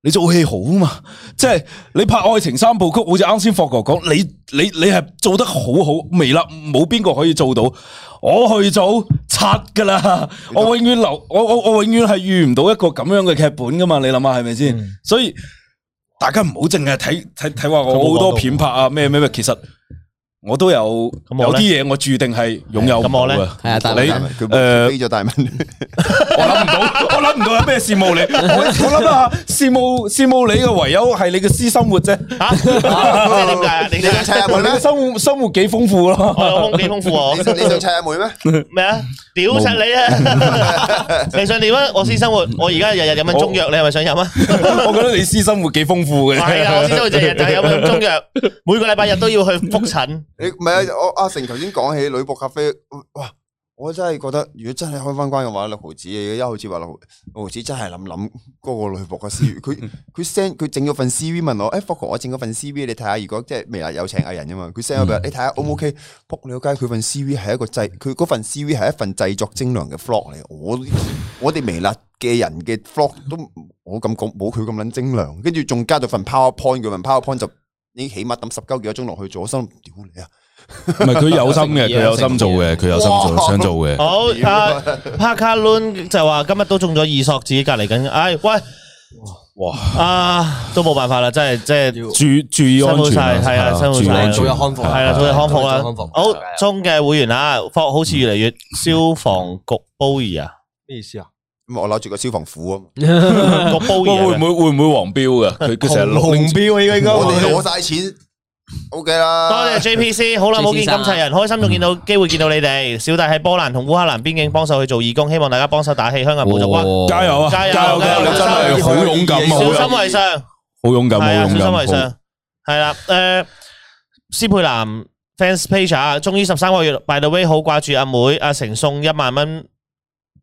S4: 你做戲好嘛？即係你拍愛情三部曲，好似啱先霍哥講，你你你係做得好好未啦？冇邊個可以做到？我去做七噶啦！我永遠留，我我我永遠係遇唔到一個咁樣嘅劇本噶嘛？你諗下係咪先？嗯、所以大家唔好淨係睇睇睇話我好多片拍啊咩咩咩，其實。我都有有啲嘢，我注定係擁有嘅。係啊，但係你誒，
S3: 飛咗大蚊，
S4: 我諗唔到，我諗唔到有咩羨慕你。我我諗下羨慕羨慕你嘅，唯有係你嘅私生活啫。啊，你你拆阿妹咩？生活生活幾豐富咯，我生活幾豐富。你想拆阿妹咩？
S1: 咩啊？屌拆你啊！你想點啊？我私生活，我而家日日飲緊中藥，你係
S4: 咪想飲啊？我覺得你私生活幾豐富嘅。係啊，
S2: 我私生活日日就飲緊
S1: 中藥，每個禮拜日都要去復診。
S3: 你唔係啊！我阿成頭先講起女僕咖啡，哇！我真係覺得如果真係開翻關嘅話，六毫子，而家好似話六毫子，子真係諗諗嗰個女僕嘅 CV，佢佢 send 佢整咗份 C V 問我，誒 Fok 哥我整咗份 C V 你睇下，如果即係微辣，有請藝人嘅嘛，佢 send 俾你睇下 O 唔 OK？仆你個街，佢份 C V 係一個制，佢嗰份 C V 係一份製作精良嘅 flow 嚟，我我哋微辣嘅人嘅 flow 都我咁講冇佢咁捻精良，跟住仲加咗份 Power Point，佢份 Power Point 就。你起碼等十九幾粒鐘落去做，我心屌你啊！
S4: 唔係佢有心嘅，佢有心做嘅，佢有心做，想做嘅。好
S2: 啊
S1: ，Parkarun 就話今日都中咗二索，自己隔篱緊。唉，喂，哇，啊，都冇辦法啦，真係即係注注意安全，係啊，辛苦晒，早日康復係啦，早日康復啦。好，中嘅會員啊，火好似越嚟越消防局煲熱啊，
S6: 咩意思啊？
S1: 咁我攞住個消防斧啊！
S4: 我煲嘢會唔會會唔會黃標嘅？佢，佢成日標啊！依家攞晒錢
S1: ，O K 啦！多謝 J P C，好
S4: 耐冇見咁齊
S1: 人，開心仲見到機會見到你哋。小弟喺波蘭同烏克蘭邊境幫手去做義工，希望大家幫手打氣，香港冇咗啦，加
S2: 油
S4: 啊！加油！你真係好勇敢
S1: 啊！小心為上，
S4: 好勇敢，好勇
S1: 敢。係啦，誒，斯佩蘭 fans page 啊，終於十三個月，by the way，好掛住阿妹阿成，送一萬蚊。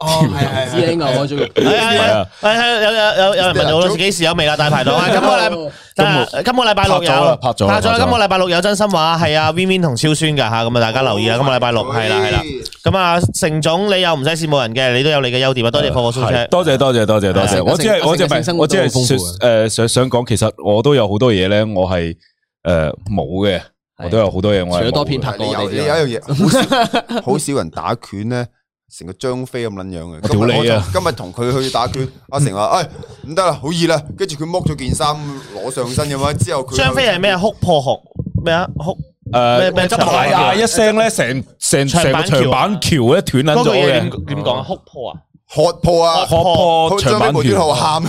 S1: 哦，係係係，我中意。係啊，係係有有有有人問我，我幾時有未啦？大排檔，今個禮今個今個禮拜六有拍咗，今個禮拜六有真心話，係啊 Vinvin 同超酸噶吓，咁啊大家留意啊，今個禮拜六係啦係啦，咁啊，成總你又唔使羨慕人嘅，你都有你
S4: 嘅優點啊。多謝副副主持，多謝多謝多謝多謝。我只係我只係我只係誒想想講，其實我都有好多嘢咧，我係誒冇嘅，我都有好多嘢。我除咗多
S2: 偏拍，你有你有一樣嘢，
S3: 好少人打拳咧。成個張飛咁捻樣嘅，今日今日同佢去打拳，阿成話，哎，唔得啦，好易啦，跟住佢剝咗件衫，攞上身咁樣，之後佢。張飛係咩？
S1: 哭破殼咩啊？哭
S4: 誒咩？執台啊一聲咧，成成長長板橋咧斷捻咗嘅。點
S1: 講啊？哭破啊？
S3: 喝破啊？喝破長板橋。張飛冇喊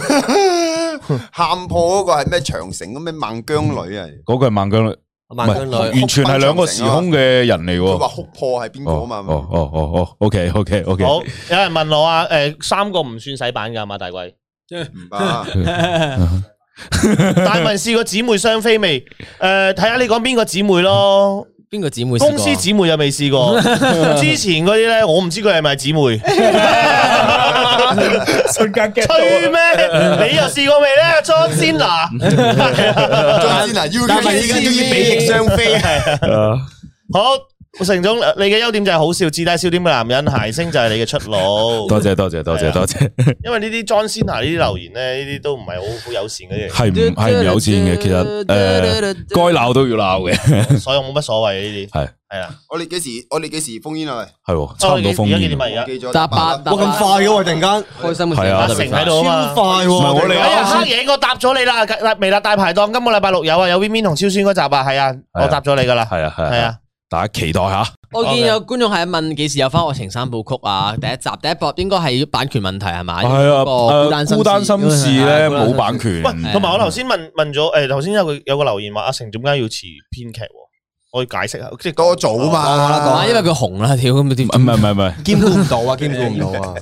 S3: 喊破嗰個係咩長城？咁咩孟姜女啊？
S4: 嗰個係孟姜女。完全係兩個時空嘅人嚟喎。佢話哭破係邊個啊？嘛，哦，哦，哦，OK，OK，OK。Okay, okay. 好，
S1: 有人問我啊，誒，三個唔算洗版㗎，嘛？」大貴，即係
S4: 唔
S1: 版。大文試過姊妹雙飛未？誒、呃，睇下你講邊個姊妹咯。邊個姊妹？公司姊妹有未試過？試過 之前嗰啲咧，我唔知佢係咪姊妹。
S4: 瞬間吹咩？ 你又試過
S1: 未咧？莊先拿？
S4: 莊先拿，但係依家要比翼雙飛
S1: 係啊！好，成總，你嘅優點就係好笑，自帶笑點嘅男人，諧星就係你嘅出路。多謝多
S4: 謝多謝多謝，
S1: 因為呢啲莊先拿呢啲留言咧，呢啲都唔係好好友善嘅嘢，係唔
S4: 係唔友善嘅？其實誒，
S1: 該、呃、鬧都要
S4: 鬧嘅，
S1: 所以我冇乜所謂呢啲。
S4: 係。
S3: 係啊！我哋幾時？我哋幾時封煙啊？係喎，差唔多封煙。今日八，我咁快嘅喎，
S1: 突然間開心嘅時候阿成喺度啊嘛，快喎！哎呀，黑夜我答咗你啦，立味立大排檔今個禮拜六有啊，有邊邊同超酸嗰集啊？係啊，我答咗你噶啦，係啊，係啊，大家
S4: 期待下。
S5: 我見有觀眾係問幾時有翻《情三部曲》啊？第一集第一部應該係
S1: 版權問題係嘛？係啊，孤單心事咧冇版權，同埋我頭先問問咗，誒，頭先有個有個留言話阿成總監要辭編劇。可以解釋下，
S5: 即係
S6: 多
S1: 做啊嘛，
S5: 因為佢紅啦，屌咁啲，唔係唔係唔係，
S1: 兼顧唔到啊，兼顧唔到啊。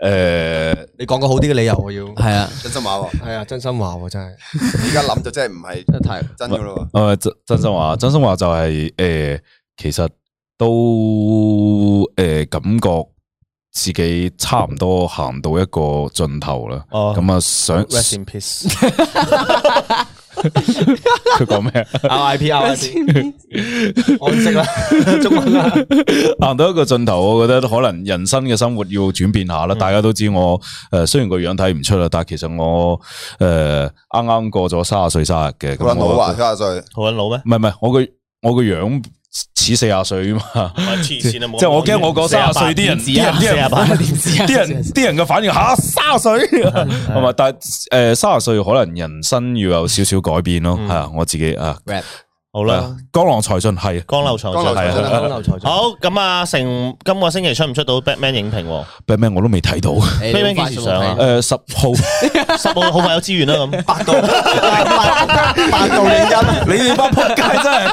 S4: 誒，你講個好啲嘅理由我要，係啊，真
S6: 心話，係啊，真心話真係，
S3: 而家諗就真係唔係太
S4: 真噶咯。誒，真真心話，真心話就係誒，其實都誒感覺自己差唔多行到一個盡頭啦，咁啊，想。佢講咩啊？R I P，我唔識
S2: 啦，中文啦。
S4: 行到一個盡頭，我覺得可能人生嘅生活要轉變下啦。大家都知我誒、呃，雖然個樣睇唔出啦，但係其實我誒啱啱過咗卅歲生日嘅。咁穩老啊，卅歲好穩老咩？唔係唔係，我個我個樣。似四廿歲嘛，
S2: 即係我驚我講三十歲啲人，啲人
S4: 啲人啲人嘅反應吓三十歲，係嘛？但係誒，三十歲可能人生要有少少改變咯，係我自己啊。好啦，江郎財訊係，江流財訊係啊，江流財
S1: 訊好咁啊，成今個星期出唔出到 Batman 影評
S4: ？Batman 我都未睇到，Batman 幾時上啊？誒，十號，
S1: 十號好快有資源啦？咁八度八八八度影音，你哋班撲街真係，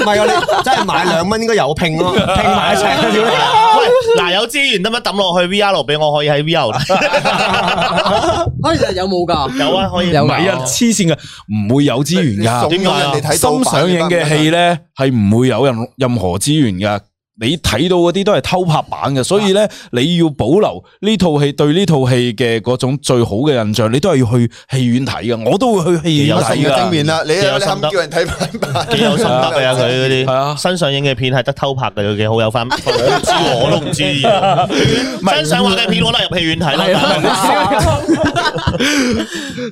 S1: 唔係啊，你真係買兩蚊應該有拼咯，拼埋一齊。喂，嗱，有資源得乜抌落去 VR 俾我，可以喺 VR。可以就有
S5: 冇噶？有啊，可以。有。唔係啊，
S4: 黐線嘅，唔會有資源噶。點解？心想。嘅戲咧，係唔會有任任何資源嘅。你睇到嗰啲都係偷拍版嘅，所以咧你要保留呢套戲對呢套戲嘅嗰種最好嘅印象，你都係要去戲院睇噶。我都會去戲院睇正面啦，你又諗叫人睇翻。幾有心得啊佢嗰啲。係啊，新上
S1: 映嘅片係得偷拍嘅，幾好有分。我都知，我都唔知嘅。真想話嘅片，我都係入戲院睇咯。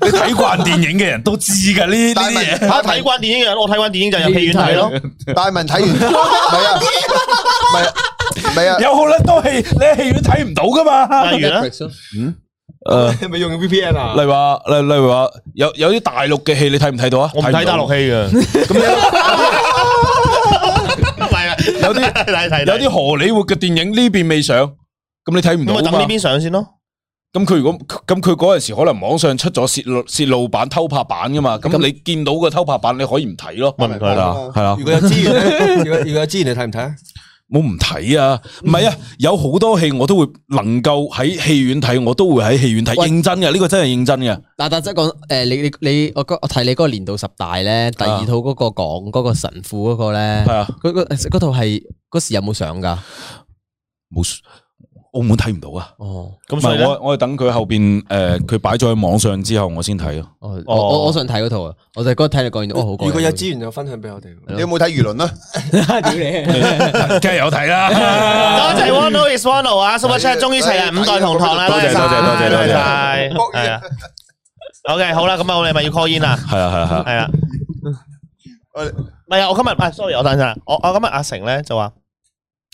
S1: 你睇慣電影嘅人
S4: 都知噶呢啲嘢。睇慣電影嘅人，我睇慣電影就入戲院睇
S1: 咯。大文睇完，
S4: 係啊。唔係啊，有好多戲你喺戲院睇唔到噶嘛。例如咧，嗯，誒，
S6: 咪用 VPN 啊。
S4: 例如話，例如話，有有啲大陸嘅戲你睇唔睇到啊？我唔睇大陸戲嘅。咁樣，唔
S1: 係啊，有啲有啲荷
S4: 里活嘅電影呢邊未上，咁你睇唔到啊？咁咪等呢邊上先咯。咁佢如果咁佢嗰陣時可能網上出咗洩露洩露版偷拍版噶嘛。咁你見到個偷拍版你可以唔睇咯。問佢啦，係啊。如果有資源，如果有資源你睇唔睇啊？我唔睇啊，唔係啊，有好多戲我都會能夠喺戲院睇，我都會喺戲院睇，喂 認真嘅，呢個真係認真嘅。
S5: 嗱，但真講，誒，你你你，我我睇你嗰個年度十大咧，第二套嗰個講嗰個神父嗰個咧，係啊，嗰個套係嗰時有冇上噶？
S4: 冇。是啊澳門睇
S5: 唔到啊！
S4: 哦，咁咪我我係等佢後邊誒，佢擺咗喺網上之後，我先睇咯。哦，我我想睇嗰套啊，我就覺得睇你講完咗，哦好。如果有
S6: 資源就分享俾我
S4: 哋。你有冇睇輿論啊？梗
S1: 係有睇啦！多謝 One Notice One 啊，Super Chat 終於齊人五代同堂啦！多謝多謝多謝多謝，係啊。O K 好啦，咁啊，我哋咪要 call in 啦。係啊係啊係啊，係啊。唔係啊，我今日唔係，sorry 我等陣。我我今日阿成咧就話。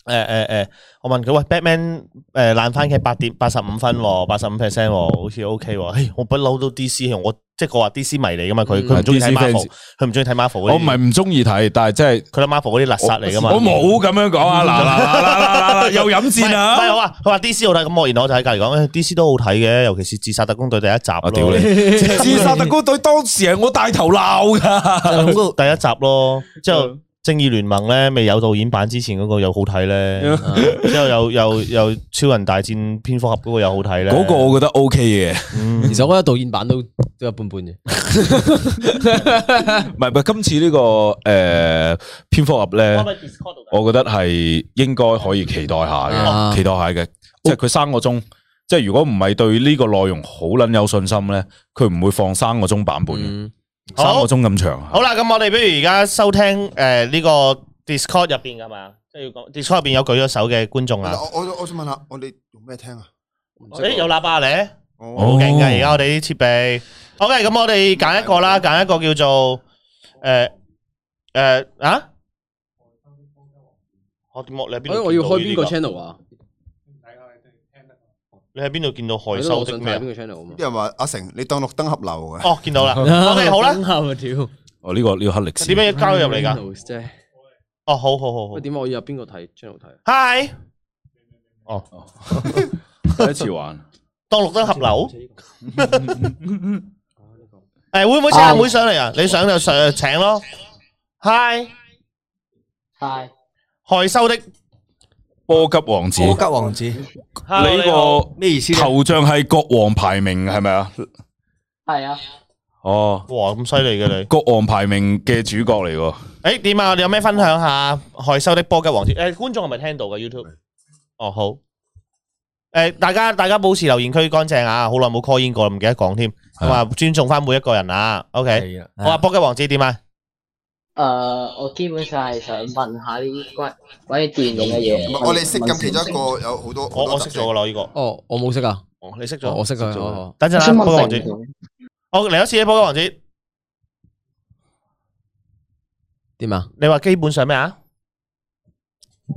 S1: 誒誒誒，我問佢喂，Batman 誒爛番茄八點八十五分，八十五 percent，好似 OK。嘿，我不嬲都 D C，我即係佢話 D C 迷嚟噶嘛，佢佢唔中意睇 Marvel，佢唔中意睇 Marvel。我唔係
S4: 唔中意睇，但係即係佢諗 Marvel 嗰啲垃圾嚟噶嘛。我冇咁樣講啊，嗱嗱又引戰啦。
S1: 係啊，佢話 D C 好睇，咁我然後我就喺隔籬講，D C 都好睇嘅，尤其是自殺特工隊第一集。我屌你，自殺特工隊當時係
S4: 我帶頭鬧
S1: 噶，第一集咯，之後。正義聯盟咧，未有導演版之前嗰個又好睇咧，之後又又又超人大戰蝙蝠俠嗰
S4: 個又好睇咧，嗰個我覺得 OK 嘅，嗯、其實我覺得導演版都都一般般嘅。唔係唔係，今次呢、這個誒、呃、蝙蝠俠咧，嗯、我覺得係應該可以期待下嘅，嗯、期待下嘅、哦，即係佢三個鐘，即係如果唔係對呢個內容好撚有信心咧，佢唔會放三個鐘版本。嗯三個鐘咁長，
S1: 好啦，咁我哋不如而家收聽誒呢、呃這個面、就是、Discord 入邊噶嘛，即係要講 Discord 入邊有舉咗手嘅觀眾啊。我我想問下，我哋用咩聽啊？誒，有喇叭嚟，好勁噶，而家我哋啲設備。哦、OK，咁我哋揀一個啦，揀一個叫做誒誒、呃呃、啊。我點我你邊？我要開邊個 channel 啊？啊
S3: 喺邊
S4: 度見到害羞的咩？
S3: 啲人話阿成，你當綠燈合流嘅。哦，見到啦。O K，好啦。
S4: 哦，呢個呢個黑歷史。點樣加入嚟㗎？哦，
S3: 好好好好。
S5: 喂，點啊？我要入邊個睇
S4: channel 睇？Hi。哦
S5: 哦。第一次
S1: 玩，當綠燈合流。誒，會唔會請阿妹上嚟啊？你想就上請咯。Hi。Hi。
S4: 害羞的。波吉王子，波吉王子，Hello, 你個咩意思？頭像係國王排名係咪啊？係啊。哦，哇咁犀利嘅你，國王排名嘅主角嚟喎。誒點、欸、啊？你有咩分享下？害
S1: 羞的波吉王子，誒、欸、觀眾係咪聽到嘅 YouTube？是哦好。誒、欸、大家大家保持留言區乾淨啊！好耐冇 call in 過啦，唔記得講添。我啊，尊重翻每一個人啊。OK 啊。我話、啊、波吉王子點啊？誒，我基本上係想問下呢啲關關於電影嘅嘢。我哋識咁其中一個有好多，我我識咗啦呢個。哦，我冇識啊。你識咗。我識咗。等陣啦，波哥王子。我嚟一次啊，波哥王子。點啊？你話基本上咩啊？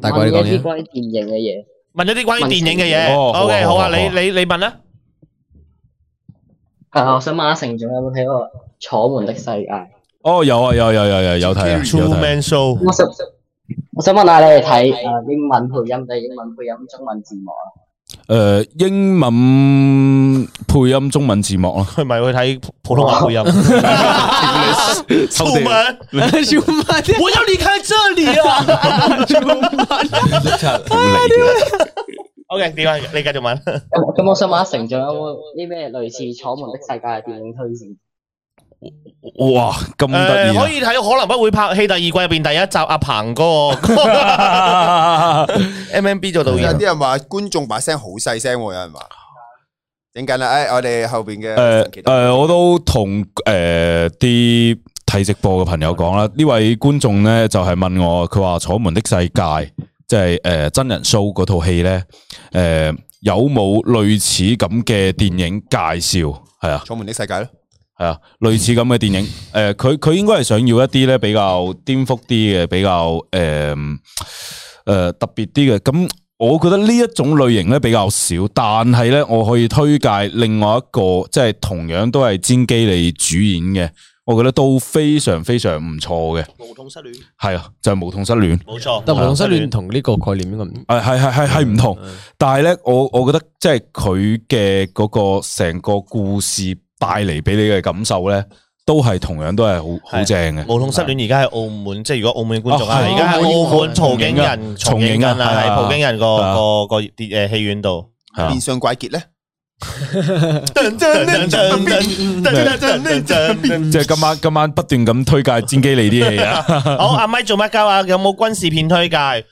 S1: 大概呢個。關於電影嘅嘢。問咗啲關於電影嘅嘢。OK，好啊，你你你問啦。啊，我想問阿成，仲有冇睇過《楚門的世界》？
S4: 哦、oh, 啊，有啊，有有有有有睇啊 Truman Show。我想
S6: 我問下你哋睇英文配音定英文配音中文字幕啊？誒
S4: ，uh, 英文配音中文字幕啊？佢咪去睇普通話配音？楚門，
S2: 我要離開這裏啊！OK，點
S1: 解？你繼續問。咁 、
S4: okay, 我想問下，成長有
S1: 冇啲咩類似《楚門的世界》嘅電影推薦？
S4: 哇，咁得意可以
S1: 睇，可能不會拍戲第二季入邊第一集阿鵬嗰
S3: M M B 做導演，嗯，啲人話觀眾把聲好細聲，有人話點緊啦？誒、哎，我哋後邊嘅誒
S4: 誒，我都同誒啲睇直播嘅朋友講啦，呢位觀眾咧就係問我，佢話《楚門的世界》即係誒真人 show 嗰套戲咧，誒、呃、有冇類似咁嘅電影介紹？係啊，《楚門的世界》咯。係啊，類似咁嘅電影，誒、呃，佢佢應該係想要一啲咧比較顛覆啲嘅，比較誒誒、呃呃、特別啲嘅。咁我覺得呢一種類型咧比較少，但係咧我可以推介另外一個，即係同樣都係占基利主演嘅，我覺得都非常非常唔錯嘅。無痛失戀係啊，就係、是、無痛失戀，冇錯。但無痛失戀同呢個概念應該，係係係係唔同。哎、同但係咧，我我覺得即係佢嘅嗰個成個故事。帶嚟俾你嘅感受咧，都係同樣都係好好正嘅。無痛失戀而家喺澳門，即係如果澳門觀眾啊，而家喺澳
S1: 門曹景仁，曹景仁啊，係曹景仁個個個啲誒戲院度。變相怪傑咧。等等等等等等等等
S4: 等等，即係今晚今晚不斷咁推介《戰機》嚟啲戲啊！好，阿
S1: Mike 做咩搞啊？
S4: 有冇軍事片推
S1: 介？誒，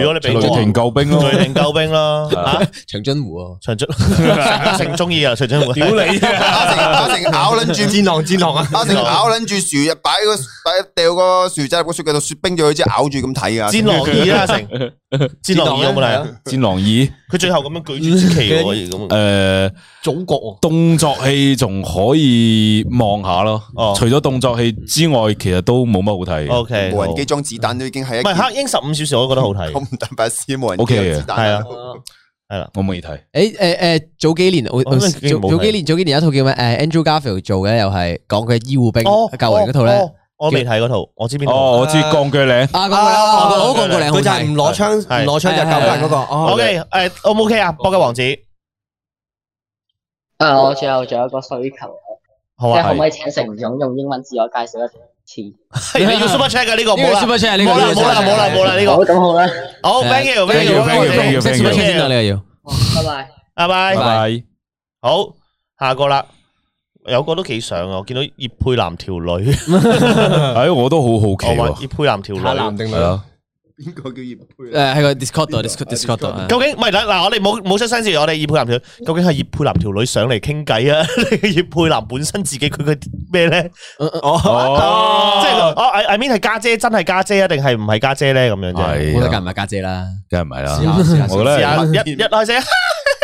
S1: 如果你俾雷霆救兵咯，雷霆救兵咯，
S4: 長津湖啊，長津
S1: 阿成中意啊，長津湖屌你！阿成阿成咬捻住戰狼戰狼啊，阿成咬捻
S3: 住樹啊，擺個擺掉個樹仔入個雪櫃度雪冰住佢，即係咬住咁睇啊！戰狼二啊，成
S4: 戰狼二有冇睇啊？戰狼二。佢最後咁樣舉住支旗，咁誒，祖國動作戲仲可以望下咯。除咗動作戲之外，其實都冇乜好睇。O K，無人機
S3: 裝子彈都已經係唔係黑鷹十五
S1: 小時，我都覺得好睇。咁大把屎，無
S4: 人機裝子彈啦。係啦，我唔易睇。
S3: 誒
S5: 誒誒，早幾年我早幾年早幾年有一套叫咩？誒，Andrew Garfield 做嘅又係講佢嘅醫護
S1: 兵救援嗰套咧。我未睇嗰套，我知邊套。哦，我知鋼鋸嶺。啊，
S2: 鋼鋸嶺，佢
S1: 就係唔攞槍，唔攞槍就救人嗰個。OK，誒，O 唔 OK 啊？波吉王子。誒，
S4: 我最後仲有個需求，
S1: 即係可唔可
S4: 以請成總用英文自我介紹
S1: 一次？你要 Super Chat 噶呢個，因為 Super Chat 呢個冇啦冇啦冇啦冇啦呢
S2: 個。咁好啦，好，thank you，thank you，thank you，thank you，thank you，thank you。拜拜，拜拜，
S1: 拜。好，下個啦。有個都幾想啊！我見到葉佩南條女，
S4: 哎，我都好好奇喎。葉佩
S1: 南條女，男定女啊？邊個叫葉佩？誒，喺個 Discord，Discord，究竟唔係嗱嗱？我哋冇冇出聲先。我哋葉佩南條，究竟係葉佩南條女上嚟傾偈啊？葉佩南本身自己佢嘅咩咧？哦，即係哦，I I mean 係家姐，真係家姐啊？定係唔係家姐咧？咁樣啫，梗唔係家姐啦，梗係唔係啦？試下，試下，試下，一一開始。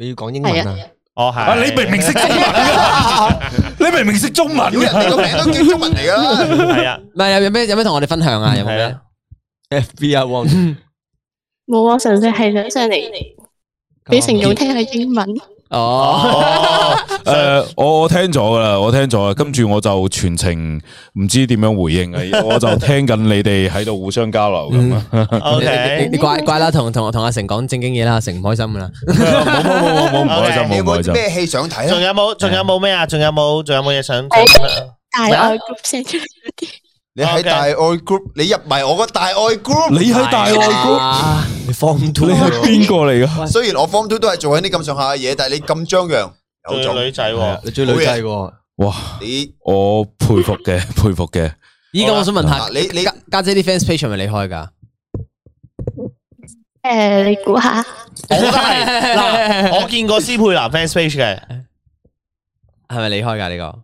S1: 你要講英文啊？哦，係你明明識中文，
S4: 你明明識中文，人哋個名都叫中
S5: 文嚟噶。係啊，唔係有咩有咩同我哋分享啊？有冇咧？FBI one，
S3: 冇啊！純粹係想上嚟俾成總聽下英文。
S4: 哦，誒，我我聽咗噶啦，我聽咗啦，跟住我就全程唔知點樣回應啊，我就聽緊你哋喺度互相交流咁
S5: 啊。你乖乖啦，同同同阿成講正經嘢啦，阿成唔開心噶啦。
S4: 冇冇冇冇冇唔開心，冇唔開
S3: 心。咩戲
S1: 想睇仲有冇？仲有冇咩啊？仲有冇？仲有冇嘢想講
S2: 大愛 group 先出
S1: 啲。你喺大愛 group？你入埋我個大愛
S2: group？你喺大愛 group？
S3: 方 two 係邊個嚟噶？雖然我方 two 都係做緊啲咁上下嘅嘢，但係你咁張揚，追女仔，啊，你追女仔喎，啊，
S4: 哇！你我佩服嘅，佩服嘅。
S5: 依家，我想問下，你你家姐啲 fans page 係咪你開噶？
S4: 誒，你估，呃、下？
S1: 我都係嗱，見過斯佩蘭 fans page 嘅，係咪你開噶？呢個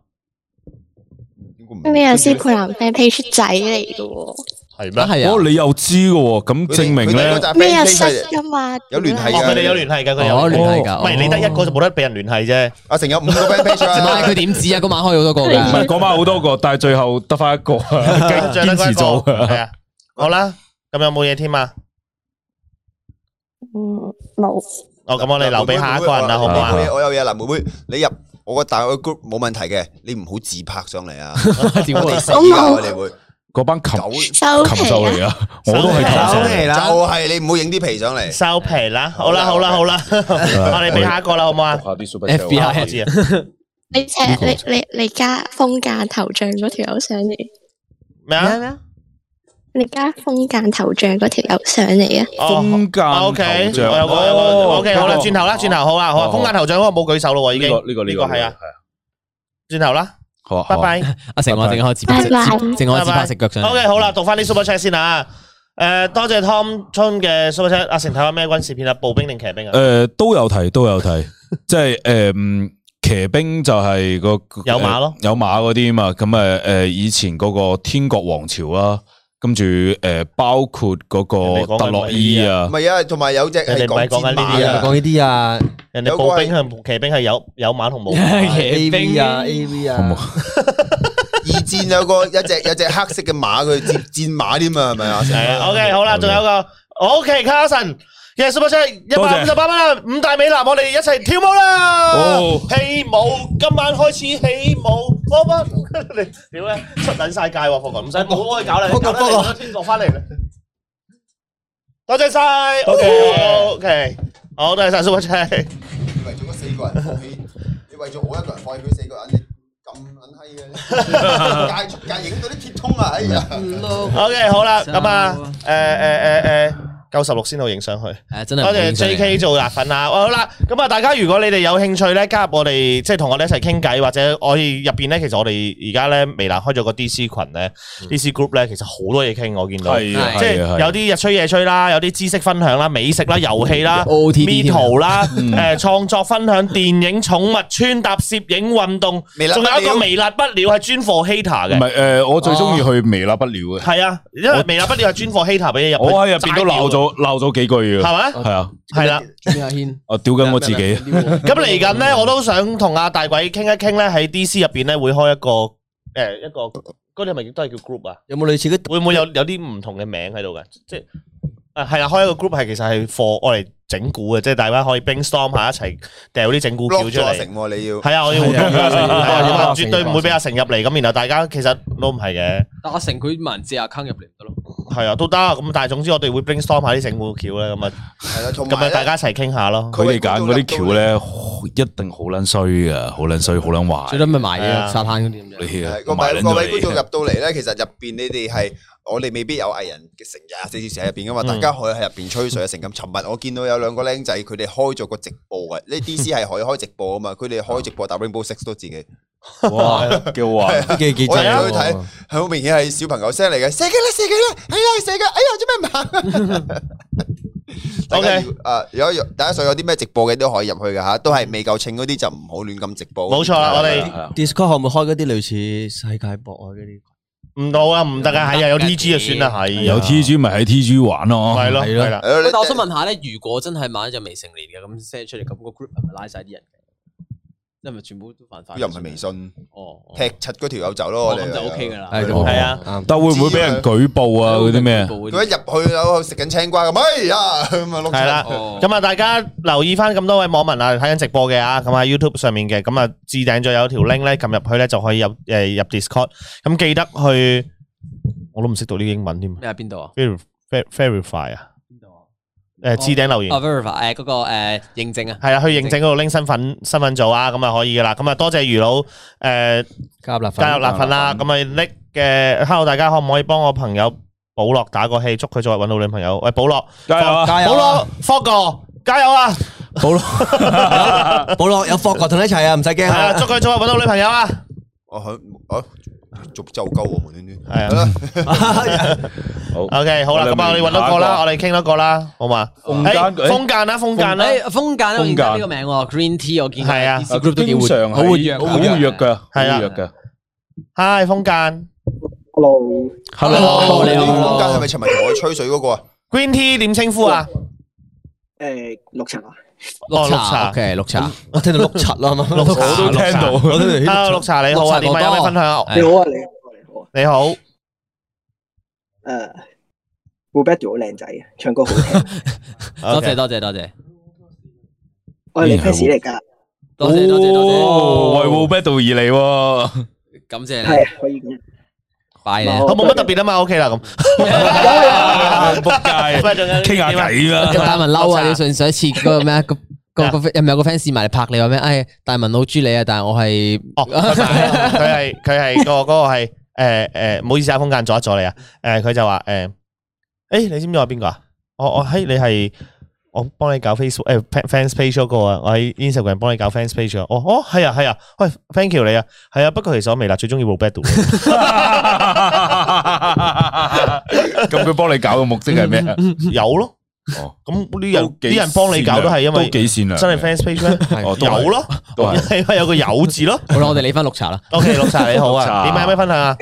S1: 應該
S4: 唔係咩啊？斯佩蘭 fans page 仔嚟噶？係咩，哦，你又知嘅，咁證明咧咩新噶嘛？有聯繫，佢哋有聯繫嘅，佢有聯繫噶，唔係你得一個就冇得俾人聯繫啫。阿成有
S1: 五個 friend page 啊，唔係佢點知
S4: 啊？嗰晚開咗好多個嘅，唔係嗰晚好多個，但係最後得翻一個堅持做
S1: 係啊。好啦，咁有冇嘢添啊？
S4: 嗯，留哦，咁我哋留俾下一個人啦，好唔好？我
S3: 有嘢啦，妹妹，你入我個大個 group 冇問題嘅，你唔好自拍上嚟啊。
S4: 點會？我哋死噶，你會。嗰班禽獸禽獸嚟噶，
S3: 我都係禽獸嚟啦，就
S1: 係你唔好影啲皮上嚟。收皮啦，好啦好啦好啦，我哋俾下一個啦好唔好啊你請
S5: 你你你加封鑒頭像嗰條友上
S1: 嚟咩啊咩
S5: 啊？你加封鑒頭像嗰條友上嚟啊？
S6: 封
S1: 鑒 o k 我有個，OK，好啦，轉頭啦，轉頭好啦，好啊，封鑒頭像嗰個冇舉手咯，已經呢個呢個呢個係啊，轉頭啦。
S5: 好、啊 bye bye，拜拜。
S1: 阿成，我正開始拍食腳上。OK，好啦，讀翻啲 super chat 先啊。誒，多謝 Tom Chung 嘅 super chat。阿成睇下咩軍事片啊，步兵定騎兵啊？
S4: 誒、呃，都有睇，都有睇。 即係誒，騎、呃、兵就係個有馬咯，有馬嗰啲啊嘛。咁誒，誒，以前嗰個天國王朝啊。跟住，誒，包括嗰個德洛伊啊，唔係
S3: 啊，同埋有隻係講
S4: 戰馬啊，講呢啲啊，人哋個兵係騎兵係
S1: 有有馬同冇馬，騎兵啊，AV 啊，二戰有個有隻有隻黑色嘅馬去接戰馬添啊，係咪啊？OK，好啦，仲有個，OK，a r 卡神，Yes super no？一百五十八蚊，五大美男，我哋一齊跳舞啦，起舞，今晚開始起舞。波波你屌啊，出緊晒界喎，波哥，唔使冇可以搞你，搞到你攞天落翻嚟啦。多謝晒，O K O K，好多謝晒師傅。你為咗四個人，你你為咗我一個人放棄四個人，你咁撚閪嘅，介出介影到啲鐵通啊！哎呀，O K 好啦，咁啊，誒誒誒誒。九十六先好影上去，多謝 J.K. 做辣粉啊。好啦，咁啊，大家如果你哋有興趣咧，加入我哋即係同我哋一齊傾偈，或者我哋入邊咧，其實我哋而家咧微辣開咗個 D.C. 群咧，D.C. group 咧，其實好多嘢傾。我見到，即係有啲日吹夜吹啦，有啲知識分享啦，美食啦，遊戲啦，O.T.P. 圖啦，誒，創作分享、電影、寵物、穿搭、攝影、運動，仲有一個微辣不了係專課 hater 嘅。唔係誒，我最中意去
S4: 微辣不了嘅。係啊，
S1: 因為微辣不了係專課 hater 俾人入，邊都
S4: 鬧咗幾句啊？係嘛？係啊，
S1: 係啦。邊
S4: 阿軒？啊，屌緊我自己。
S1: 咁嚟緊咧，我都想同阿大鬼傾一傾咧。喺 DC 入邊咧，會開一個誒，一個嗰啲名都係叫 group 啊？有冇類似？會唔會有有啲唔同嘅名喺度嘅？即係啊，係啊，開一個 group 係，其實係貨我嚟整蠱嘅，即係大家可以 brainstorm 下一齊掉啲整蠱票出嚟。成，你要係啊？我要絕對唔會俾阿成入嚟，咁然後大家其實都唔係嘅。
S5: 阿成佢萬借阿坑入嚟得咯。
S1: 係啊，都得咁，但係總之我哋會 brainstorm 下啲整蠱橋咧，咁啊，咁啊，大家一齊傾下咯。
S4: 佢哋揀嗰啲橋咧，一定好撚衰啊，好撚衰，好撚壞。最屘咪埋啊，沙灘嗰啲咁樣。各位觀眾入
S1: 到
S3: 嚟咧，其實入邊你哋係 我哋未必有藝人嘅成日四時喺入邊噶嘛，大家可以喺入邊吹水啊成咁。尋日、嗯、我見到有兩個僆仔，佢哋 開咗個直播啊，呢 DC 係可以開直播啊嘛，佢哋開直播打 Rainbow Six 都自己。哇！叫哇！我哋去睇，係好明顯係小朋友聲嚟嘅，死嘅啦，死嘅啦！哎呀，死嘅！哎呀，做咩唔行？O K，誒，如果大家想有啲咩直播嘅都可以入去㗎吓，都係未夠稱嗰啲就
S4: 唔好亂咁直播。冇錯啦，我哋
S6: Discord 可唔可以開嗰啲類似世界博啊嗰啲？
S5: 唔到啊，唔
S1: 得噶，係
S2: 啊，有
S4: T G 就算啦，係有 T G 咪喺 T G 玩咯，係咯，係咯。但
S5: 我想問下咧，如果真係買一隻未成年嘅咁 send 出嚟，咁個 group 係咪拉晒啲人？即係咪
S3: 全部都犯法？又唔係微信，踢柒嗰條友走咯，我哋
S5: 就 OK
S3: 噶啦。係啊，但會唔會俾人舉報啊？嗰啲咩？佢一入去有去食緊青瓜咁，哎呀，咁啊碌。係啦，
S1: 咁啊，大家留意翻咁多位網民啊，睇緊直播嘅啊，咁喺 YouTube 上面嘅，咁啊置頂咗有條 link 咧，撳入去咧就可以入誒入 Discord，咁記得去，我都唔識讀呢個英文添。你喺邊度啊？Verify 啊？誒，置頂留言誒，嗰個誒認證
S5: 啊，係啊，去認證
S1: 嗰度拎身份身份組啊，咁啊可以噶啦，咁啊多謝魚佬誒加入，加入立粉啦，咁啊搦嘅 hello，大家可唔可以幫我朋友保樂打個氣，祝佢早日搵到女朋友？喂，保樂加油，保樂霍哥加油啊，保樂保樂有霍
S6: 哥同你一齊啊，唔使驚，係啊，祝佢早日搵到女朋友
S1: 啊！
S3: 我佢我。續奏夠我無端
S1: 端係啊，OK 好啦，咁啊我哋搵到個啦，我哋傾到個啦，好嘛？哎，風間啊，風間，你風間呢個
S5: 名 Green Tea 我見係啊
S1: ，Group 點上啊，好活躍，好活躍
S4: 嘅，好活躍嘅。
S1: Hi 風間，Hello，Hello 你好。風間係咪尋日同我吹水嗰個啊？Green Tea 點稱呼
S3: 啊？誒，綠橙啊。綠茶
S1: 嘅綠茶，我聽到綠茶咯，綠茶我都聽到。啊，綠茶你，綠茶點解有咩分享？你好啊，你好，你好。你
S6: 好，Wu Badu 好靚仔啊，唱歌好
S5: 聽。多謝多謝多謝。我
S6: 係你
S2: fans 嚟噶。
S6: 多謝
S1: 多謝多謝。哦，為 Badu 而嚟，感謝你。可以。好冇乜特別啊嘛，OK 啦咁，仆
S2: 街，傾下偈啦。大文
S5: 嬲啊，上上一次嗰、嗰個咩啊，嗰個、嗰個、嗰個有冇個 fans 埋嚟拍你話咩？哎，大
S1: 文好豬你啊，但係我係，哦，佢係佢係個嗰個係，誒誒，唔好意思啊，空間阻一阻你啊，誒，佢就話，誒，誒，你知唔知我邊個啊？我我嘿，你係。我幫你搞 Facebook 誒，fans page 個啊，我喺 Instagram 幫你搞 fans page 哦哦係啊係啊，喂 thank you 你啊，係啊，不過其實我微辣，最中意部 Roberto，咁佢幫你搞嘅目的係咩有咯，咁呢人啲人幫你搞都係因為幾善良，真係 fans page 咧，有咯，起碼有個有字咯。好啦，我哋嚟翻綠茶啦，OK 綠茶你好啊，點解？有咩分享啊？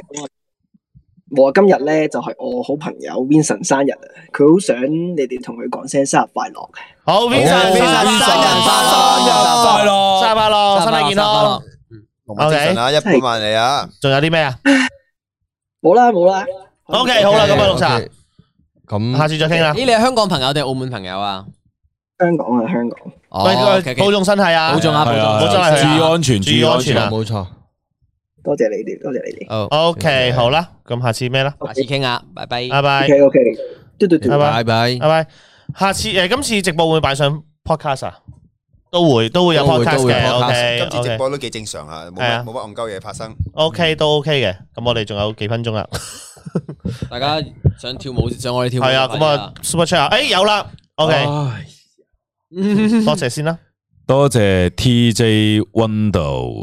S6: 今日咧就係我好朋友 Vincent 生日啊，佢好想你哋同佢
S1: 講聲生日快樂。好，Vincent，Vincent 生日快樂，生日快樂，身體健康。OK 啊，一百萬你啊，仲有啲咩啊？
S2: 冇啦冇啦，OK 好啦，各位六十，
S1: 咁下次再
S2: 聽啦。咦，
S5: 你係香港朋友定澳門朋友啊？
S2: 香港啊，香港，保重身體啊，保重啊，保重，注意安全，注意安全，冇
S1: 錯。多謝你哋，多謝你哋。好，OK，好啦，咁下次咩啦？下次傾啊，拜拜，拜拜，OK，OK，拜拜，拜拜，拜拜。下次誒，今次直播會擺上 podcast 啊？都會，都會有 podcast 嘅。今次直播都幾正常啊，冇乜冇乜戇鳩嘢發生。OK，都 OK 嘅。咁我哋仲有幾分
S4: 鐘啊？
S3: 大家想跳舞，想我哋跳舞？係啊，咁啊，Super Chat，誒，有啦。
S1: OK，多謝先啦。
S4: 多謝 TJ Window。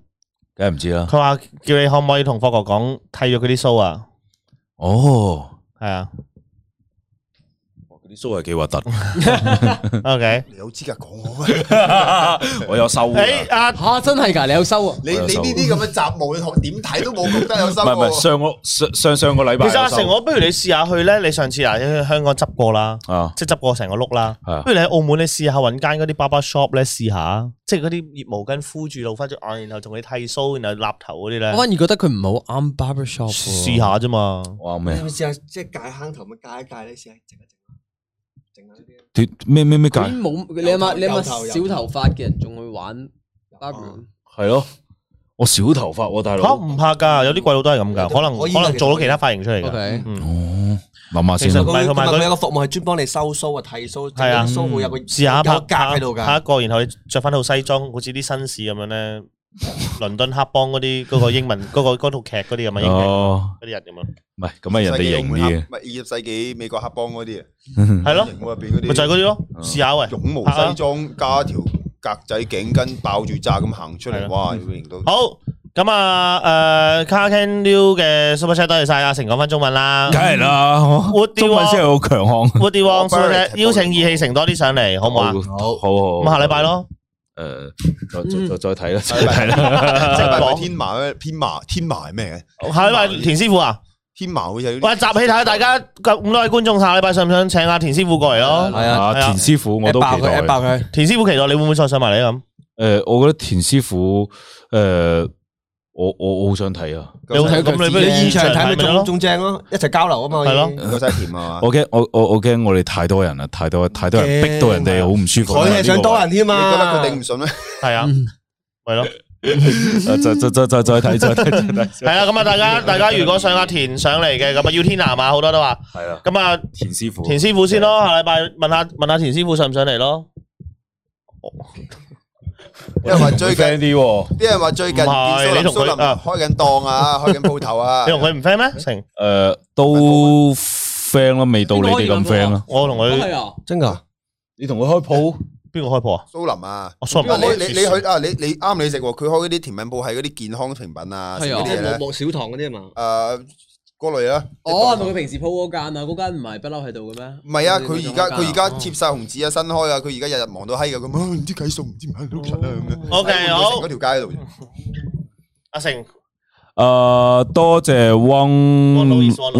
S1: 梗係唔知啦、啊。佢話叫你可唔可以同霍哥講剃咗佢啲鬚啊？
S4: 哦，係啊。啲須係幾核突？OK，你有資格講我咩？ 我有收。哎啊，啊，
S1: 真係㗎！你有收啊？
S4: 你你呢啲
S3: 咁嘅雜毛，你學點睇都冇覺得有收。唔係唔係，
S4: 上個上上上個禮拜。其實阿、啊、成，我不
S1: 如你試下去咧。你上次嗱喺香港執過啦，啊、即係執過成個碌啦。的不如你喺澳門你試下揾間嗰啲 barber shop 咧試下，即係嗰啲熱毛巾敷住露翻隻眼，然後仲要剃須，然後立頭嗰啲咧。我反而覺得佢唔好啱 barber shop。試下啫
S4: 嘛，我啱咩？試
S1: 下
S6: 即係戒坑頭咪戒一戒咧下。你嘗嘗戴
S4: 脫咩咩咩介？
S5: 冇你阿媽？你阿媽小頭髮嘅人仲去玩 b a r o
S4: 係咯，我小頭髮喎、啊，大佬。好唔、哦、怕噶，有啲貴佬都係咁噶，嗯、可能可能做到其他髮型出嚟嘅。Okay. 嗯、哦，慢慢先。其實唔係同埋佢哋有，
S6: 有個服務係專幫你收鬚啊、剃鬚，係啊、嗯，鬚會
S1: 有個夾喺度噶。試一下拍一，個拍一個，然後你着翻套西裝，好似啲紳士咁樣咧。倫敦黑幫嗰啲嗰個英文嗰個嗰套劇嗰啲咁啊，嗰啲人咁啊，
S4: 唔係咁啊，人哋型啲嘅，
S1: 唔係二十世紀美國黑幫嗰啲啊，係咯，入邊
S4: 嗰啲咪就係嗰啲咯，
S3: 試下喂，絨毛西裝加條格仔頸巾，爆住炸咁行
S1: 出嚟，哇，要型到好，咁啊，誒，Carcan New 嘅 Super Chat 多謝晒阿成，講翻中文啦，梗係啦，
S4: 中文先係好強項
S1: ，Woodie Wong Super，邀請義氣成多啲上嚟，
S2: 好唔好啊？好，好好，咁下禮拜咯。
S1: 誒，嗯、再、嗯、再再睇啦，係啦，係講天麻咩？天麻天麻係咩嘅？係咪田師傅啊？天麻好似、喂，我集氣睇下，大家咁多位觀眾，下禮拜想唔想請阿田師傅過嚟咯？係啊，啊啊田師傅我都期待，佢，
S4: 田師傅期待，你會唔會再上埋嚟咁？誒、呃，我覺得田師傅誒。呃我我好想睇啊！你睇咁你去現場睇咪仲
S6: 仲正咯，一齊交流啊嘛！係咯，唔
S4: 使田啊！我驚我我我驚我哋太多人啦，太多太多人逼到人哋好唔舒服。佢係想多
S1: 人添啊！你覺得佢頂唔順咩？
S4: 係啊，係咯，再再再再睇再睇再
S1: 睇。係啊，咁啊，大家大家如果上阿田上嚟嘅，咁啊，要天南嘛！好多都話係啊。咁啊，田師傅，田師傅先咯，下禮拜問下問下田師傅上唔上嚟咯。因為最近啲人話，最近唔係你同蘇林啊開緊檔啊開緊鋪頭啊，你同佢唔 friend 咩？成，
S4: 誒，都 friend 咯，未到你哋咁 friend 咯。我同佢真噶，你同佢開鋪，邊個開鋪啊？
S1: 蘇
S3: 林啊，我蘇林。你你去啊？你你啱你食喎？佢開嗰啲甜品鋪係嗰啲健康甜品啊，嗰啲薄薄小糖嗰啲啊嘛。誒。
S5: 過嚟啦！哦，同佢平時鋪嗰間啊，嗰間唔係不嬲喺度嘅咩？唔係啊，佢而家佢而家
S3: 貼晒紅紙啊，新開啊，佢而家日日忙到嗨咁樣，佢唔知計數。O K，好。
S1: 阿成，
S4: 誒，多謝王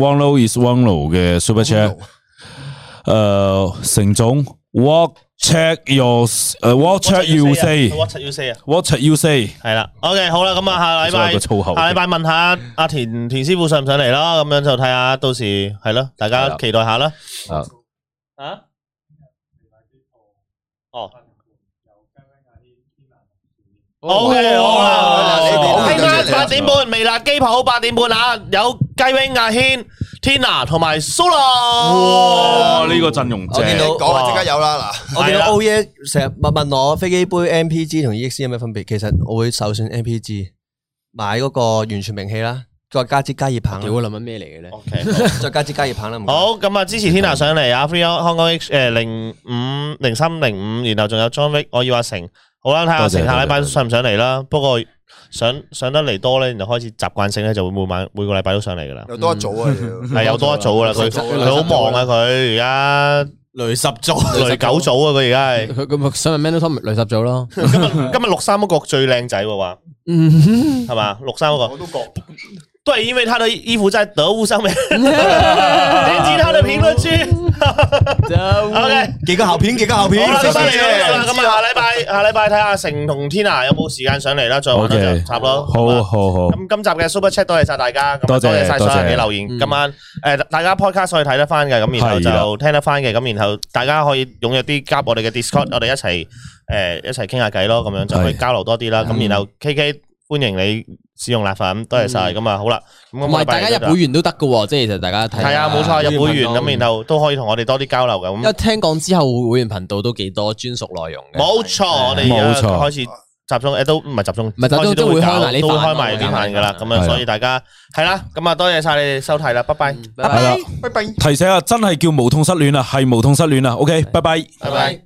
S4: 王 Louis Wang Lou 嘅 superchat，誒，成總，我。Check your，誒，what check you say？what check you say 啊？what check you say？
S1: 係啦，OK，好啦，咁啊，下禮拜下禮拜問下阿田田師傅上唔上嚟啦，咁樣就睇下，到時係咯，大家期待下啦。啊？哦。好，好啦，聽日八點半微辣雞煲八點半啊，有。雞 wing 阿軒、Tina 同埋 Solo，
S4: 哇呢個陣容正。我見到講啊，即刻
S1: 有啦
S6: 嗱。我見到 OYE 成日問問我飛機杯 MPG 同 EX 有咩分別？其實我會首選 MPG，買嗰個完全名氣啦，再加支加熱棒。你會諗緊咩嚟嘅咧？再加支加熱棒啦。
S1: 好，咁啊支持 Tina 上嚟啊，Free Hong Kong H 誒零五零三零五，然後仲有 John Wick，我要阿成。好啦，睇下阿成下禮拜上唔上嚟啦。不過。上上得嚟多咧，就開始習慣性咧，就會每晚每個禮拜都上嚟噶啦。有多一
S3: 組啊，係 有多一組噶啦，佢佢好忙啊，
S1: 佢而家累十組、累九組啊，佢而家係。今日咩都睇，Talk，雷十組咯 今。今日六三嗰個最靚仔喎，話係嘛六三嗰、嗰個。都對，因為他的衣服在得物上面，
S2: 點擊他的評論
S1: 區。OK，給個好評，給個好評。好啦，咁啊，下禮拜下禮拜睇下阿成同 Tina，有冇時間上嚟啦？再玩多兩集咯。好，好，好。咁今集嘅 Super Chat 多謝晒大家，多謝多謝晒所有嘅留言。今晚誒，大家 Podcast 可以睇得翻嘅，咁然後就聽得翻嘅，咁然後大家可以踴躍啲加我哋嘅 Discord，我哋一齊誒一齊傾下偈咯，咁樣就可以交流多啲啦。咁然後 K K。歡迎你使用奶粉，多謝曬咁啊！好啦，咁我大家入會員都得㗎喎，即係其實大家睇係啊，冇錯，入會員咁，然後都可以同我哋多啲交流咁。因為
S5: 聽講之後會
S1: 會員頻道都幾多專屬內容嘅。冇錯，我哋冇錯開始集中誒，都唔係集中，唔係都都會開埋呢範，都開埋呢範嘅啦。咁啊，所以大家係啦，咁啊，多謝曬你哋收睇啦，拜拜，拜拜，拜拜。
S4: 提醒啊，真係叫無痛失戀啊，係無痛失戀啊，OK，拜拜，拜
S1: 拜。